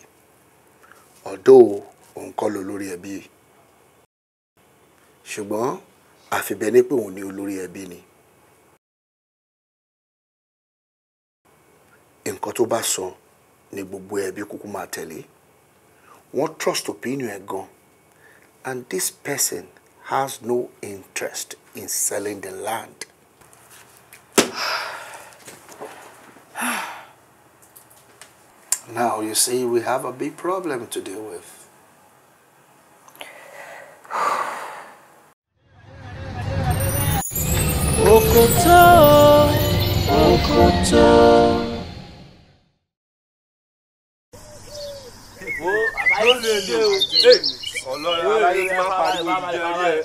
Although òun call ló lórí ẹbí. afi àfibẹ́ ní pé òun ni olórí ni. Nǹkan tó bá So, ni gbogbo ẹbí kúkú máa tẹ̀lé wọ́n trust opinion ẹ̀ and this person has no interest in selling the land. <sighs> Now, you see, we have a big problem to deal with. <sighs> Okoto, Okoto. ó lè dé o. ọlọ́run aláyé ti máa pariwo ìjọ rí ẹ.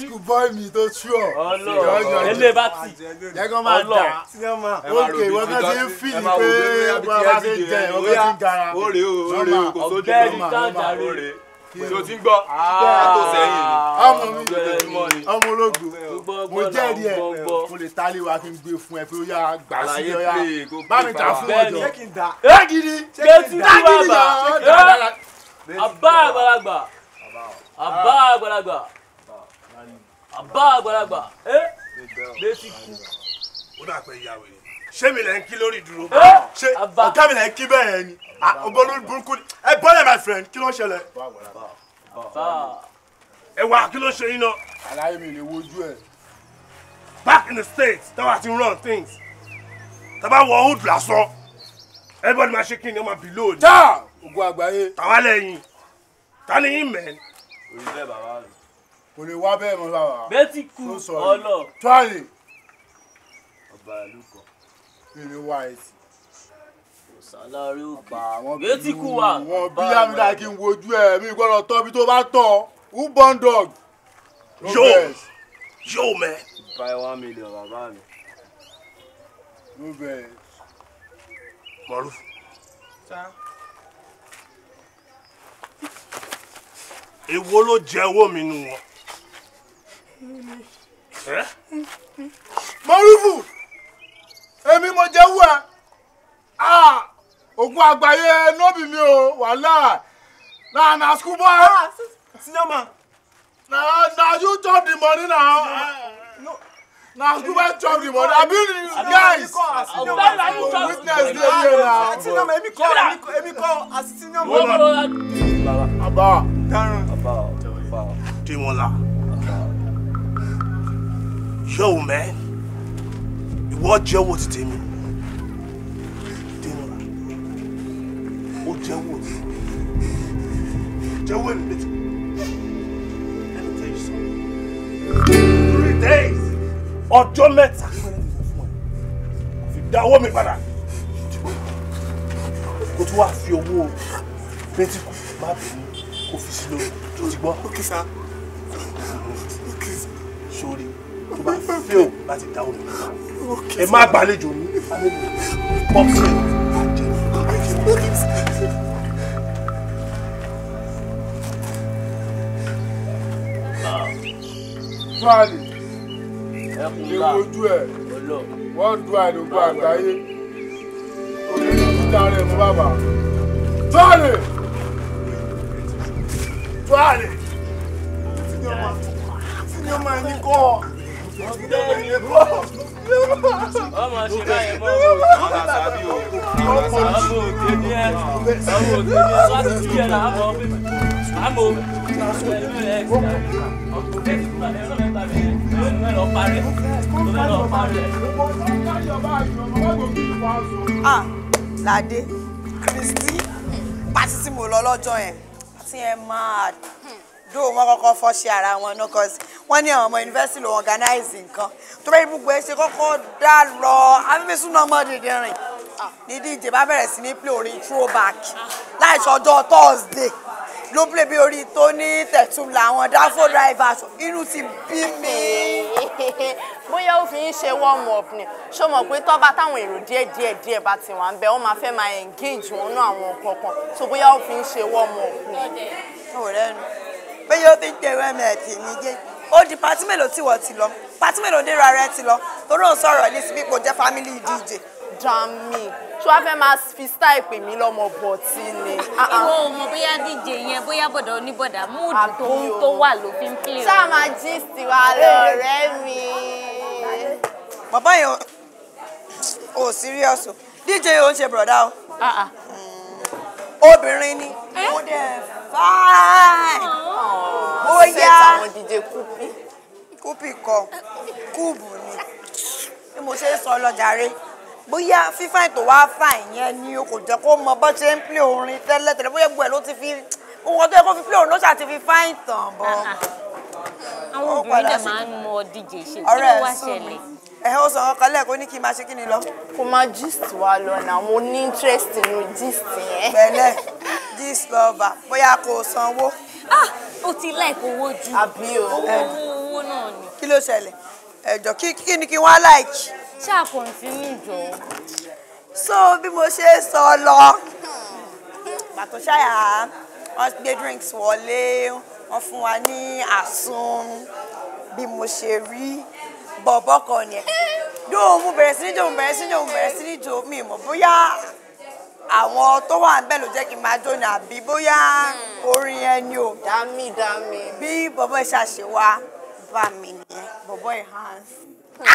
Schoolboy mi tó tú ọ. ọlọ́run ẹlẹ́ bá tì. jẹ́gọ́ máa dà sinimá. òkè ìwọ kan ti ń fìlì pé bàbá ti jẹ ìwọ kan ti gara. ó rèé o ó rèé o kò sóde ló máa ó rèé tí o ti ń gbọ́ ah, àtò sẹ́yìn ọmọ mi ọmọ ológo mo jẹ́rìí ẹ̀ mo lè ta léwa kí n gbé e fún ẹ pé ó yà gbà sí ọ yà bá mi ta e fún ọjọ́ bẹ́ẹ̀ ni ṣé kí n da ṣé kí n da ṣé kí n da ṣé kí n da àbá àgbàlagbà àbá àgbàlagbà àbá àgbàlagbà ẹ létí kú. ó dà pé ìyá wèrè ṣé mi lẹ́ ń kí lórí dúró ṣé ọ̀gá mi lẹ́ ń kí bẹ́ẹ̀ yẹn ni ọgbọ́n burúkú ni ẹ bọ́lẹ̀ my friend kí ló ń ṣẹlẹ̀. ẹ wá kí ló ṣe yín náà. aláyé mi lè wojú ẹ. back in the states táwa ti run things Taba wọ hood lásán everybody máa ṣe kí ni ó máa bì ògùn àgbáyé. tàwa lẹ́yìn ta ni yín mẹ́. kò lè bẹ́ẹ̀ bàbá rẹ̀. kò lè wá bẹ́ẹ̀ mọ́ bàbá. bẹ́ẹ̀ ti kú ọlọ. tọ́lì. ọba ìlú kan. kí ni wá ẹ sí. sàlárí òkè bẹ́ẹ̀ ti kú wa. wọn bí amúdá kí n wojú ẹ mi gbọ́dọ̀ tọ́ bí tó bá tọ̀ who born dog. yóò yóò mẹ́. báyìí wá mi lè bàbá mi. ló bẹ̀rẹ̀. mọ̀rú. sáà. èwo ló jẹ mi nu wọn. mọ́rúfù èmi mo jẹ́ wú ẹ ogun àgbáyé nóbì mi o wàhálà na na school boy. Ah, sinama. na na you chop the money na. na school boy chop the money abi guys witness dey here na. sinama èmi kọ́ èmi kọ́ asitinama. baba. Dèmọ́lá yóò mẹ́ ìwọ jẹ́wọ́ ti tèmi Dèmọ́lá ó jẹ́wọ́ ti jẹ́wọ́ èmi létí. ọjọ́ mẹ́ta fi dá owó mi padà kó tún wá fi owó work, má bẹ̀rù kó fi sí lórí tó ti gbọ́. tó bá fẹ́ o láti dá òun ẹ má gbàlejò ní àlejò bọ́ọ̀sì àjẹmí. fani ewu ojú ẹ wọn du àdúgbò àgbáyé obìnrin títa rẹ mú bàbá fani fani siniọ máa ní ọmọ ah Ládé Kristi pàtí tí mo lọ lọ́jọ́ yẹn pàtí yẹn máa dóò wọn kọ́kọ́ fọ́ ṣe ara wọn náà kọ́sí wọ́n ní àwọn ọmọ yunifásitì ló organize nǹkan tó bá yẹ gbogbo ẹ ṣe kọ́kọ́ dá lọ afẹ́fẹ́sùn náà mọ́ dìde rìn ah, ní díje bá bẹ̀rẹ̀ sí ní play orin throwback láìsọ ọjọ́ thursday ló play bí orin tó ní tẹ̀tún làwọn dáfó drivers inú ti bí mi. <laughs> bóyá ó fi ń ṣe warm up ni ṣó mọ̀ pé tọ́ba táwọn èrò díẹ̀ díẹ̀ díẹ̀ bá ti wà ń bẹ wọ́n máa fẹ́ máa engage wọn náà àwọn kọ̀ọ̀kan so bóyá ó fi ń ṣe warm up ni. ọ̀rẹ́ nu bóyá ó fi ń jẹ́ wẹ́mẹ̀ẹ́tì ní jẹ́ ó di pati mélòó tí wọ́n ti lọ pati mélòó dé rárá ti lọ torí òun sọ̀rọ̀ ní síbí kò jẹ́ family DJ. jami tí wàá fẹ́ máa fi style pè mí lọ́mọ bọ̀tí ni. Ah, ah. ìwọ ò mọ bóyá DJ yẹn bóyá bọ̀dọ̀ oníbọ̀dà múùdù tó ń tó wà ló fi ń pè o. sáà máa gist wa lọ́rẹ́ mi. bàbá yẹn ò serious o DJ ò ń ṣe bùrọ̀dá o ah, mm. obìnrin ni mo eh? dẹ̀ fine. ó yá àwọn díje kúpì kúpì kọ kúùbù ni bí mo ṣe ń sọ lọ́jàre bóyá fífàìn tó wá fàìn yẹn ni o kò jẹ́ kó mọ bó ṣe ń pè orin tẹ́lẹ̀tẹ́lẹ̀ bóyá gbọ́ ẹ̀ ló ti fi nǹkan tó yẹ kó fi pè orin ló ṣàti fi fàìn tàn bọ́. àwọn obìnrin dẹ̀ máa ń mọ díje ṣe kí ló wá ṣẹlẹ̀ ẹ ó sọ ọkọ kọlẹ ní kí n máa ṣe kí ni lọ. kó má gist wa lọ náà mo ní interest nínú gist yẹn. pẹ̀lẹ́ gist lover bóyá kò sanwó. ah o ti like owó ju. àbí o owó náà ni. kí ló ṣẹlẹ̀ ẹ̀jọ̀ kí ni kí wọ́n like. ṣáà continue jọ. so bí mo ṣe sọ lọ pàtó ṣáyà wọ́n gbé drinks wọlé wọ́n fún wa ní àsun bí mo ṣe rí bọ̀bọ̀ kan ni ẹ̀ dóhùn mú bẹ̀rẹ̀ sí ní jó mú bẹ̀rẹ̀ sí ní jó mú bẹ̀rẹ̀ sí ní jó mi mọ̀ bóyá àwọn tó wà ń bẹ̀ ló jẹ́ kí n máa jó ní àbí bóyá orin yẹn ni o. dámì dámì. bí bọ̀bọ̀ ẹ̀ ṣàṣẹ wá bá mi nìyẹn bọ̀bọ̀ ẹ̀ hands. Hmm.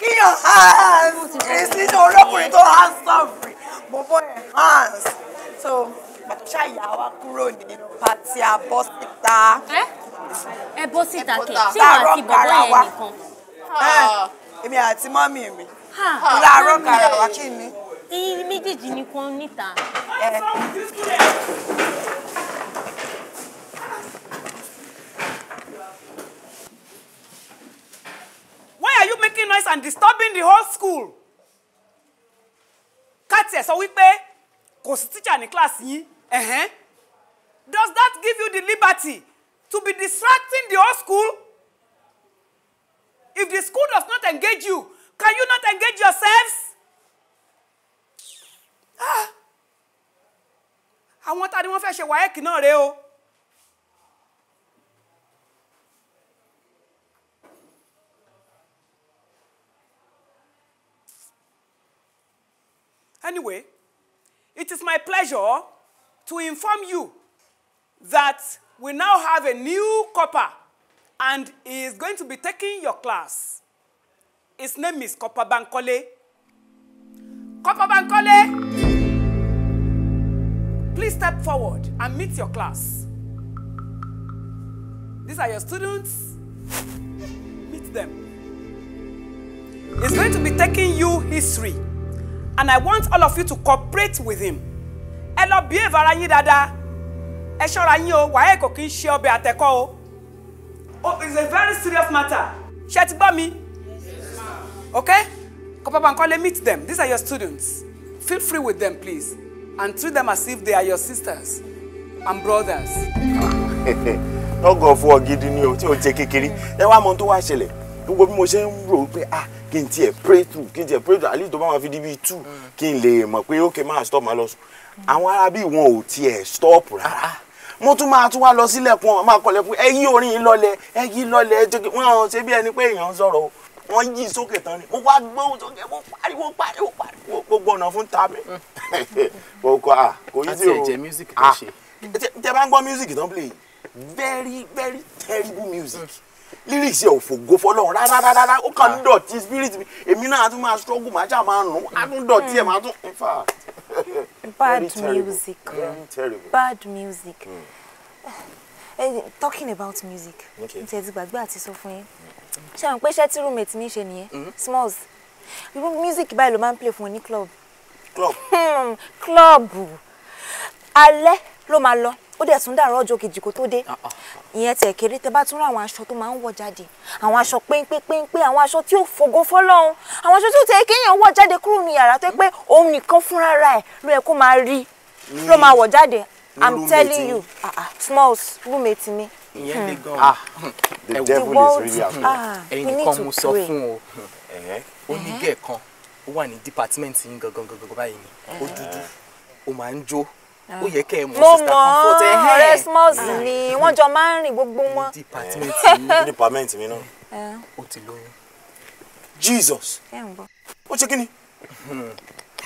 kíyàn hands kìí sí ní olókùnrin tó hands sọ̀rì bọ̀bọ̀ ẹ̀ hands. so ṣàyà wa kúrò nínú pàtí abọ́ síta. ẹ bọ́ síta kẹ̀ ṣé wàá ti bọ̀bọ̀ yẹn nìkan. èmi àti mọ́mì mi láàárọ̀ kára wa kí ni. iye méjèèjì ni kò níta. Why are you making noise and disturbing the whole school? ká tiẹ̀ sọ wípé kò sí tíjà ní kíláàsì yín Uh-huh. Does that give you the liberty to be distracting the whole school? If the school does not engage you, can you not engage yourselves? Ah! Àwọn tá ni wọ́n fẹ́ ṣe wáyẹ́kì náà rèé o. Anyway, it is my pleasure to inform you that we now have a new copper and he is going to be taking your class. His name is Copper Bankole. Copper Bankole, please step forward and meet your class. These are your students. Meet them. He's going to be taking you history and I want all of you to cooperate with him ẹ lọ bí èèfà ara yín dáadáa ẹ ṣọ́ra yín o wàhálà kò kí ń ṣe ọbẹ̀ àtẹ̀kọ́ o. oh it's a very serious matter. ṣé ti gbọ́ mi. yes ma'am. okay kọ́pápá and kọ́lé meet them these are your students feel free with them please and treat them as if they are your sisters and brothers. lọ́gọ̀ <laughs> fún ọ gidi ni o tí o jẹ kékeré ẹ wá mọ tó wá ṣẹlẹ̀ gbogbo bí mo ṣe ń rò ó pé ah kí n tiẹ̀ pray through kí n tiẹ̀ pray through at least tó bá wọn fi di bíi two kí n lè mọ̀ pé okay máa stop máa lọ sùn àwọn arábí wọn ò tiẹ̀ stọ́ọ̀pù rárá mo tún máa tún wá lọ sílẹ̀kùn máa kọlẹ̀kùn ẹ yí orin yìí lọlẹ̀ ẹ yí lọlẹ̀ ẹ jẹ́ wọ́n ṣe bí ẹni pé èèyàn ń sọ̀rọ̀ wọ́n yí sókè tán ni mo wá gbóhùn sókè mo pariwo pariwo pariwo gbogbo ọ̀nà fún ta mi. o kò a kò yí sí o àti ẹ̀jẹ̀ music ló ṣe. tẹ bá ń gbọ́ music tán play very very terrible music lyrics yẹ òfògo fọlọ́run rárá rárá ó kàn ń dọ̀tí spirit mi èmi náà a tún máa struggle màá ṣáà máa nù á tún dọ̀tí ẹ̀ máa tún <laughs> Bad music. Very mm, Bad music. Mm. Hey, eh, eh, talking about music. Okay. Ǹtẹ̀ ti gbàgbé àti sọ fún yín. Ṣé àwọn pé iṣẹ́ tí roommate mi ṣe mm-hmm. Smalls. music báyìí ló máa ń play fún wọn club. Club? <laughs> Club. Alẹ́ Lo máa lọ ó dẹ̀ tún dàrọ́ ọjọ́ kejì kó tó dé ah, ah. ìyẹn tẹ̀ kéré tẹ bá tún rà àwọn aṣọ tó máa ń wọ̀ jáde àwọn aṣọ péńpéńpé àwọn aṣọ tí ò fògo fọlọ́run àwọn aṣọ tí ò tẹ̀ kéèyàn wọ̀ jáde kúrò ní yàrá tó pé òun nìkan fúnra rà ẹ̀ ló yẹ kó máa rí ló máa wọ̀ jáde i'm telling you ah, smalls roommate mi. ìyẹn lè hmm. gan hmm. the devil is really out there. Hmm. ẹyin nìkan mo sọ fún o eh? ó ní eh? gẹ̀ẹ́kan ó wà ní dípátímẹ́ǹtì yín gangan báyìí eh? ó dúdú ó máa ń jó ó yẹ kẹ́ ẹ mọ̀ sista comfort ẹ hẹ́ẹ̀. mo mọ̀ resmos ah. ni wọ́n jọ máa ń rìn gbogbo wọn. dipamẹ́ǹtì <laughs> mi náà eh. ó ti lóyún Jesus ó ṣe kí ni hmm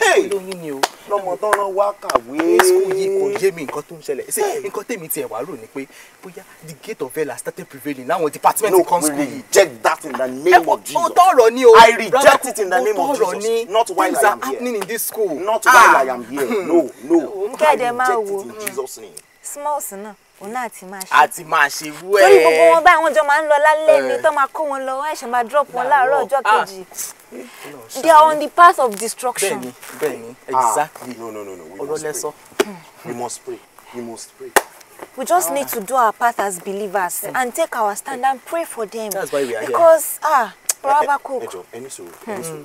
lóyún ni o lọmọ tó rán wá kàwé. school sukùl yìí kò yé mi nǹkan tó ń ṣẹlẹ̀ ṣe nǹkan tèmi tiẹ̀ wá rò ni pé bóyá the gate of hell has started prevailing láwọn department no, kan school yìí. no we reject that in the ah, name of Jesus. ọ̀tọ̀ ọ̀rọ̀ ni o I reject it in the name of Jesus not while I am here. things are happening in this school. not while I ah! am here no no <laughs> I reject it in hmm. Jesus name. smalls náà òun náà ti máa ṣe. àti máa ṣe wú ẹ. torí gbogbo wọn báyìí wọn jọ máa ń lọ lálẹ́ mi eh. tó máa kó wọn lọ wọn ẹ̀ṣẹ̀ máa drop wọn láàárọ̀ ọjọ́ ah. kejì they are on the path of destruction. bẹ́ẹ̀ni bẹ́ẹ̀ni exactly ah, no no no no we must pray we must pray we must pray. We just need ah. to do our part as believers eh. and take our stand and pray for them. That's why we are here. Because ah, Brother Cook. Eh, ẹ jọ̀ọ́, ẹni sòrò, ẹni hmm. sòrò,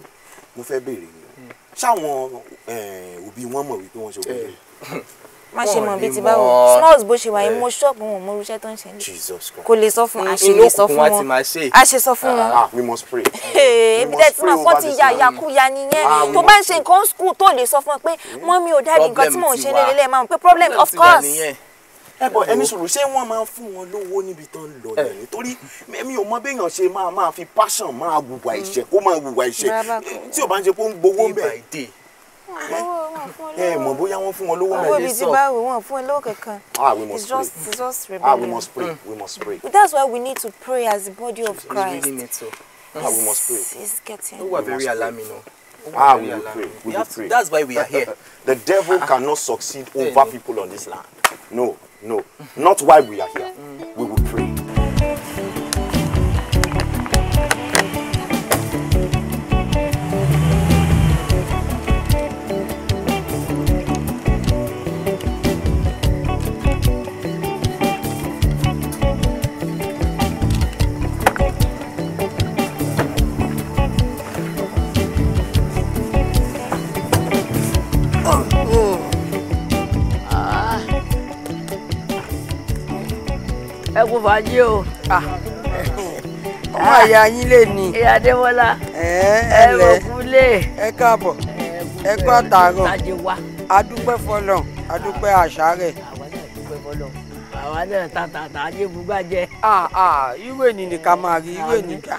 mo fẹ́ béèrè ni. Hmm. Ṣáwọn òbí wọn mọ̀ wípé wọ́n ṣe òbí rẹ̀? <laughs> má ṣe mọ̀ bí ti báwo smalls bó ṣe wà yìí mo eh. ṣọ́ọ̀bù wọn mo rúṣẹ́ tó ń ṣe ní kò lè sọ fún àṣìlè sọ fún ah, wọn àṣẹ sọ fún wọn. we must pray. <laughs> ebi dẹ́ tí màá kọ́ ti ya yakuya nìyẹn ah, tó bá ń ṣe nǹkan school tó lè sọ fún ọ pé hmm. mọ́mí ò dáàbì nǹkan tí mò ń ṣe lélẹ́lẹ́ máa mọ̀ pé problem of course ẹbọ ẹmí sùúrù ṣé wọn máa fún wọn lówó níbi tán lọ eh. yẹn nítorí mi ò mọ béèyàn ṣe máa máa fi passion máa wùwà ìṣẹ́ ẹ eh, mọ̀ bóyá wọ́n fún wọn lówó náà. owó ibi tí bá wò wọ́n fún ẹ lówó kankan. ah we must pray just ah we must pray mm. we must pray. that's why we need to pray as the body of Christ. it's need to. ah we must pray. it's getting. We wà very alarming o. Ah, we will pray. We will pray. That's why we are here. <laughs> The devil ah. cannot succeed over people on this land. No, no. Not why we are here. Mm. We bàjẹ́ o ah. <laughs> ọmọ àyà yín lè ní. ìyá Adébọ́lá ẹ rò kúlẹ̀. ẹ káàbọ̀ ẹ kọ́ àtàárọ̀ adúpẹ́ fọlọ́n adúpẹ́ àṣàrẹ̀. àwa náà dúpẹ́ fọlọ́n àwa náà bùgbà jẹ. irú ènì ká máa rí irú ènì ká.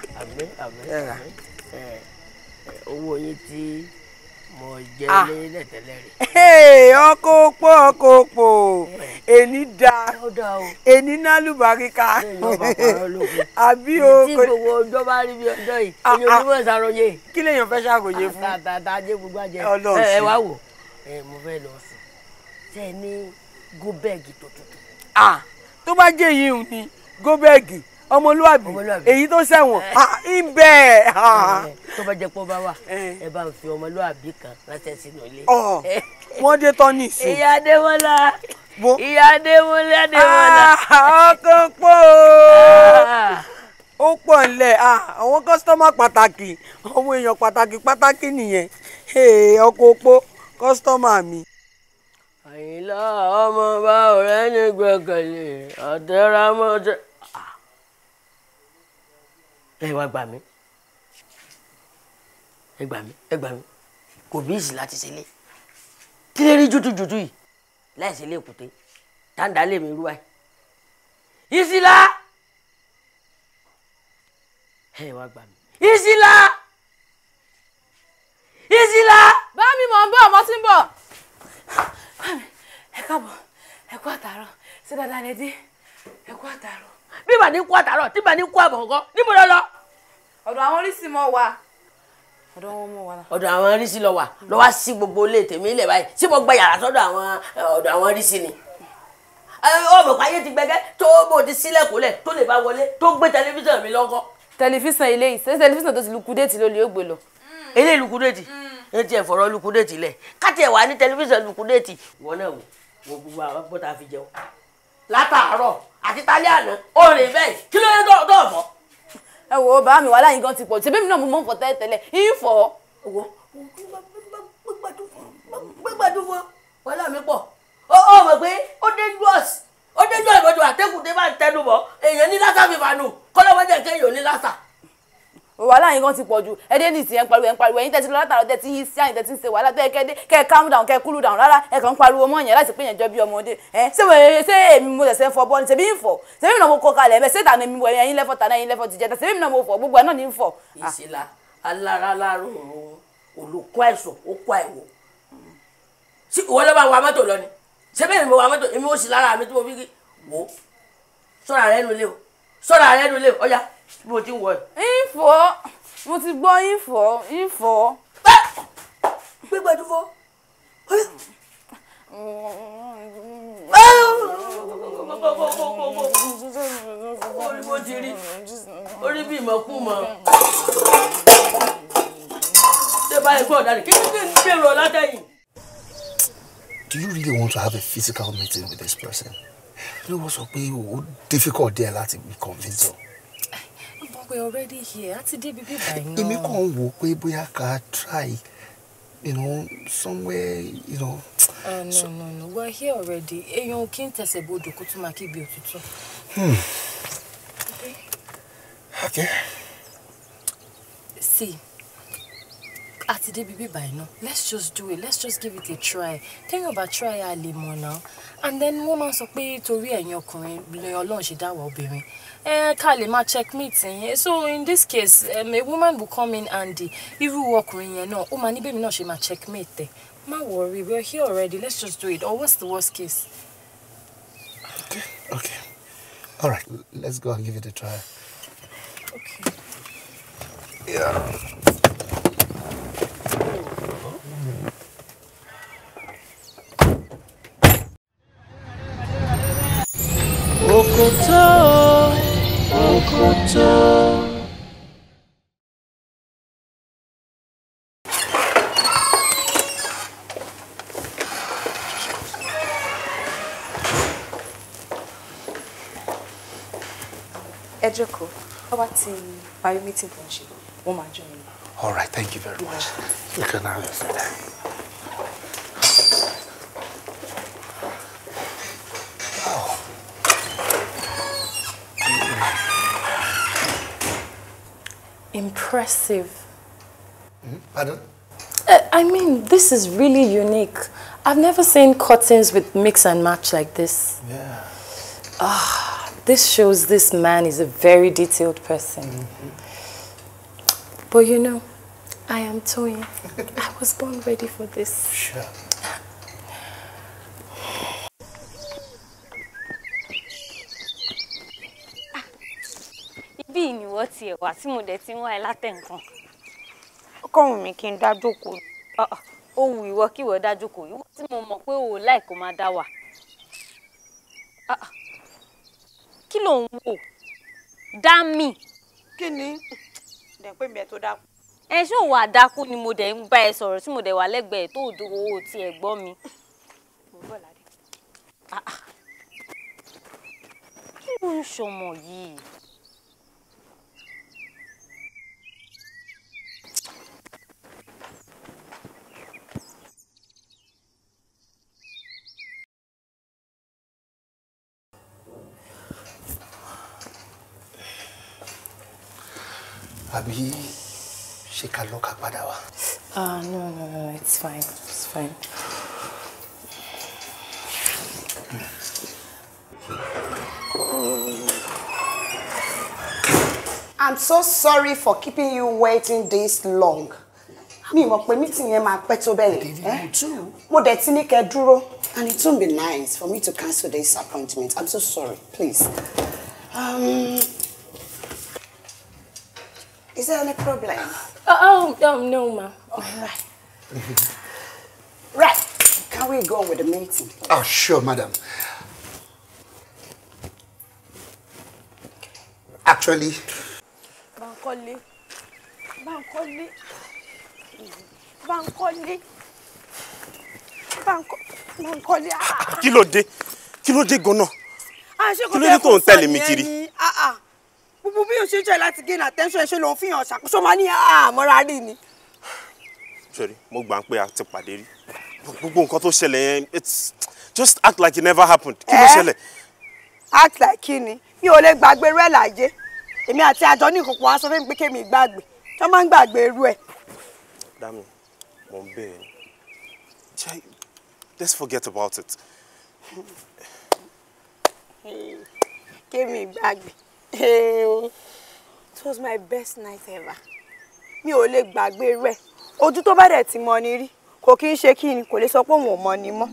owó yín tí mo jẹ lé lẹ́tẹ̀lẹ́ ọkọ̀ òpó ọkọ̀ òpó èní da èní nálùbáríkà àbí o. tí gbogbo ọjọ́ bá rí bí ọjọ́ yìí ah, èyí onímọ̀ ah. ìsàròyé. kí lèèyàn fẹ́ ṣàròyé ah, fún. àtàtà ajé gbogbo àjẹ ẹ wá wò ẹ mo fẹ́ lọ sùn tẹ ní góbẹ́ẹ̀gì tó tutù. tó bá jẹ́ yìí ni góbẹ́ẹ̀gì ọmọlúwàbí èyí tó ṣẹ̀wọ̀n eh. ń bẹ ẹ̀. Eh, tó bá jẹ́ pọ́ bá wà eh. ẹ bá ń fi ọmọlúwàbí kan ránṣẹ́ sínú ilé wọ́n dé tán ní ìsìn. ìyá adémọ́lá ìyá adémọ́lá adémọ́lá. Ah, ọkàn pọ̀ ah. ó pọ̀ ńlẹ̀ ah, àwọn kọ́sítọ́mà pàtàkì àwọn èèyàn pàtàkì pàtàkì nìyẹn ọkọ̀ opó kọ́sítọ́mà mi. àyìnlá ọmọ bá ọ̀rẹ́ ní gbẹ̀gẹ̀lé àtẹ̀rámọ́tẹ́. ẹ wá gbà mí ẹ gbà mí ẹ gbà mí kò bí ìsì láti ṣe lé kí lè rí jùtùjùtù yìí láìsí ilé èkúté dáńdá lèmi rú wa ìsìlá ẹ wá gbà mí ìsìlá ìsìlá. bá mi mọ̀ ń bọ̀ ọmọ tí ń bọ̀ ẹ káàbọ̀ ẹ kú àtàárọ̀ ṣé dáadáa lè dé ẹ kú àtàárọ̀. bí bàní kú àtàárọ̀ tí bàní kú àbọ̀ nǹkan níbo lọ lọ. ọ̀dọ̀ àwọn oríṣi mọ̀ wà ọ̀dọ̀ àwọn rísí lọ wà lọ wá sí gbogbo ilé tèmi ilẹ̀ báyìí sí gbogbo yàrá sọ́dọ̀ àwọn ọ̀dọ̀ àwọn rísí ni ọmọ pààyè ti gbẹgẹ tó bò ti sílẹ̀kùnlẹ̀ tó lè bá wọlé tó gbé tẹlifíṣàn mi lọ́kọ́. tẹlifíṣàn ilé yìí ṣé tẹlifíṣàn tó ti lukudéètì ló lè ó gbé lọ. ilé mm. lukudéètì mm. ẹ tiẹ̀ fọ̀rọ̀ lukudéètì lẹ̀ káti ẹ̀ wà ní tẹlifíṣàn lukudéètì wọn náà wò wọ gbogbo àwọn bọ́tà fi jẹun látàárọ̀ àti tálẹ́ àná ó rìn bẹ́ẹ̀ kí ló dé dọ́ọ̀mọ́ ẹ wò ó bá mi wàhálà yín gan ti pọ̀ jù ṣebí mi náà mo mọ̀ ń fọ tẹ́lẹ̀ yín fọ́. owó gbẹgbẹdúfọ wàhálà mi pọ̀ ó ó mọ̀ pé ó dangerous ó dangerous ìbọ̀dọ̀ àtẹ́kùn tẹ́ bá ń tẹnu bọ̀ èèyàn ní lásà fífanù kọ́lọ́mọdé kéèyàn ní lásà wàhálà yín kan ti pọ̀ jù ẹdẹ nìsín ẹ̀ ń pariwo ẹ̀ ń pariwo ẹ̀yin tẹ̀sí lọ́la tààrọ̀ tẹ̀sí yín sí àyìn tẹ̀sí ń ṣe wàhálà tẹ́ kẹ́ dé kẹ́ calm down kẹ́ cool down rárá ẹ̀ kàn ń pariwo mọ́ yẹn láti pé yẹn jọ bí ọmọdé ẹ̀ ṣé mo ṣe èmi mo ṣẹ̀ṣẹ̀ fọ bọ́ọ̀lù ṣèbí ń fọ ṣèbí náà mo kó kalẹ̀ ẹ̀ ṣé tàná mi wọ ẹ̀yin lẹ́fọ̀ tàná ẹ̀yin lẹ́fọ̀ ti jẹta ṣèbí náà mo fọ gbogbo ẹ̀ náà ní ń fọ. ìṣìlá aláraláró olùkọ́ ẹ̀sùn ó kọ́ ẹ̀wọ̀ sọ́ra rẹ nulẹ̀ ọ̀yá mo ti wọ̀ ẹ́. ìfọ̀ mo ti gbọ́ ìfọ̀ ìfọ̀. gbígbẹ́ dúró. orí bó ti rí orí bí ìmọ̀kú mọ̀ ṣé báyìí kọ́ ọ̀daràn kí ni gbèrò látẹ̀yìn. Do you really want to have a physical meeting with this person? kí ló wọ́n sọ pé ó difficult díẹ̀ láti convince ọ. but we already here àti débi bí báyìí náà. èmi kàn ń wò ó pé bóyá ká try you know somewhere you know. Uh, no so, no no we're here already èèyàn kí n tẹ̀sẹ̀ bodò kó tún máa kígbe òtútù. Hmm. okay. see àti débi baby by náà let's just do it let's just give it a try Tell you about try a lè mọ̀ and then wọ́n máa to sọ and your ẹ̀yin ọkùnrin lẹ́yìn ọlọ́run ṣe dáwọ́ obìnrin ẹ ká lè máa checkmate yẹn so in this case um, a woman will come in handy irú ọkùnrin walk náà you máa ní baby no she my checkmate ẹ̀ má worry we're here already let's just do it or what's the worst case. okay okay all right let's go and give it a try. okay. yeah. meeting meeting friendship, woman ṣe all right thank you very much. you can have your food. Impressive. Hmm? pardon? Uh, I mean, this is really unique. I've never seen curtains with mix and match like this. Yeah. This shows this man is a very detailed person. Mm -hmm. But you know, I am toying. I was born ready for this. Sure. Ibi ni wọ́n ti ẹ̀ wá tí mo dẹ̀ ti ń wá ẹ látẹ̀ǹkan. Ó kàn wù mí kí n dá jókòó. Ó wù ìwọ kí ìwọ dá jókòó. Ìwọ tí mo mọ̀ pé o ò láì kó máa dá wà kí ló ń wò dá mi. kí ni dẹ̀ pé mi ẹ̀ tó dákú. ẹ ṣé òun àdákú ni mo dẹ̀ ń bá ẹ sọ̀rọ̀ tí mo dẹ̀ wà lẹ́gbẹ̀ẹ́ tó dúró owó tiẹ̀ gbọ́ mi. Ah, ah. kí ló ń ṣọmọ yìí. àbí ṣé ká lọ ká padà wá. ah no no no it's fine it's fine. I'm so sorry for keeping you waiting this long. Me, mọ̀ pé meeting my pet pẹ́ tó bẹ́ẹ̀. Eh? Mo dẹ̀ ti ní kẹ́ dúró. And it won't be nice for me to cancel this appointment. I'm so sorry, please. Is there any problem? Uh, oh, oh um, no, ma'am. Alright. right. Can we go with the meeting? Oh, sure, madam. Actually. Bankoli. Bankoli. Bankoli. Bankole. Ah, ah. Kí ló dé? Kí ló dé gan-an? Kí ló kiri? Ah, ah gbogbo bí o ṣe jẹ́ láti gain attention ṣe lòun fihàn ṣàkóso máa ní àmọ́ra ah, rí ni. sori mo gbà pé a ti pàdé rí gbogbo nǹkan tó ṣẹlẹ̀ yẹn it's just act like it never happened kí ló eh? ṣẹlẹ̀. act like kí ni mi ò lè gbàgbé rẹ láàyè èmi àti àjọ ní ìkòkò aṣọ fún mi pé kémi gbàgbé tó máa ń gbàgbé irú ẹ. dami mo ń bẹ̀ ẹ́ jẹ́ let's forget about it. kémi gbàgbé it was my best night ever mi ò lè gbàgbé rẹ̀ ojú tó bá dẹ̀ ti mọ ni rí kò kí ń ṣe kí ni kò lè sọ pé ni mọ́.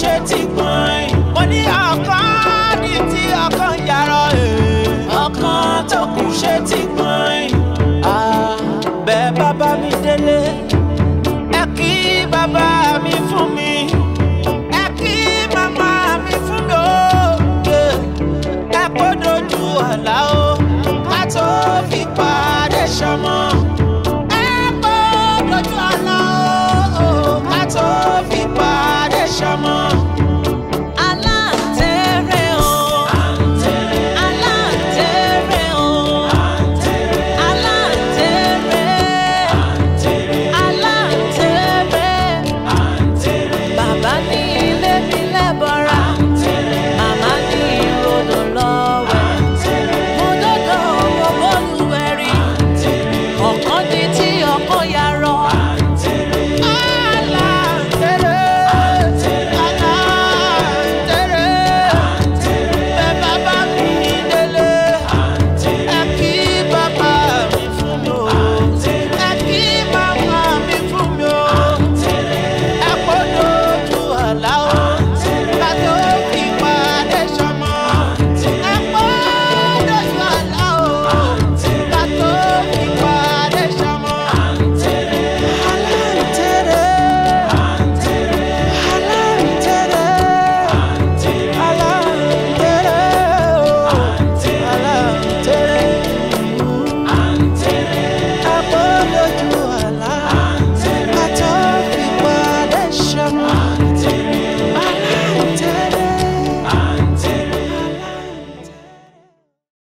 ṣe ti gbọ̀n. mo ní ọkàn ní tí ọkàn yàrá ẹ̀. ọkàn tó kù ṣe ti gbọ̀n. àbẹ̀ bàbá mi délé ẹ kí bàbá mi fún mi. ẹ kí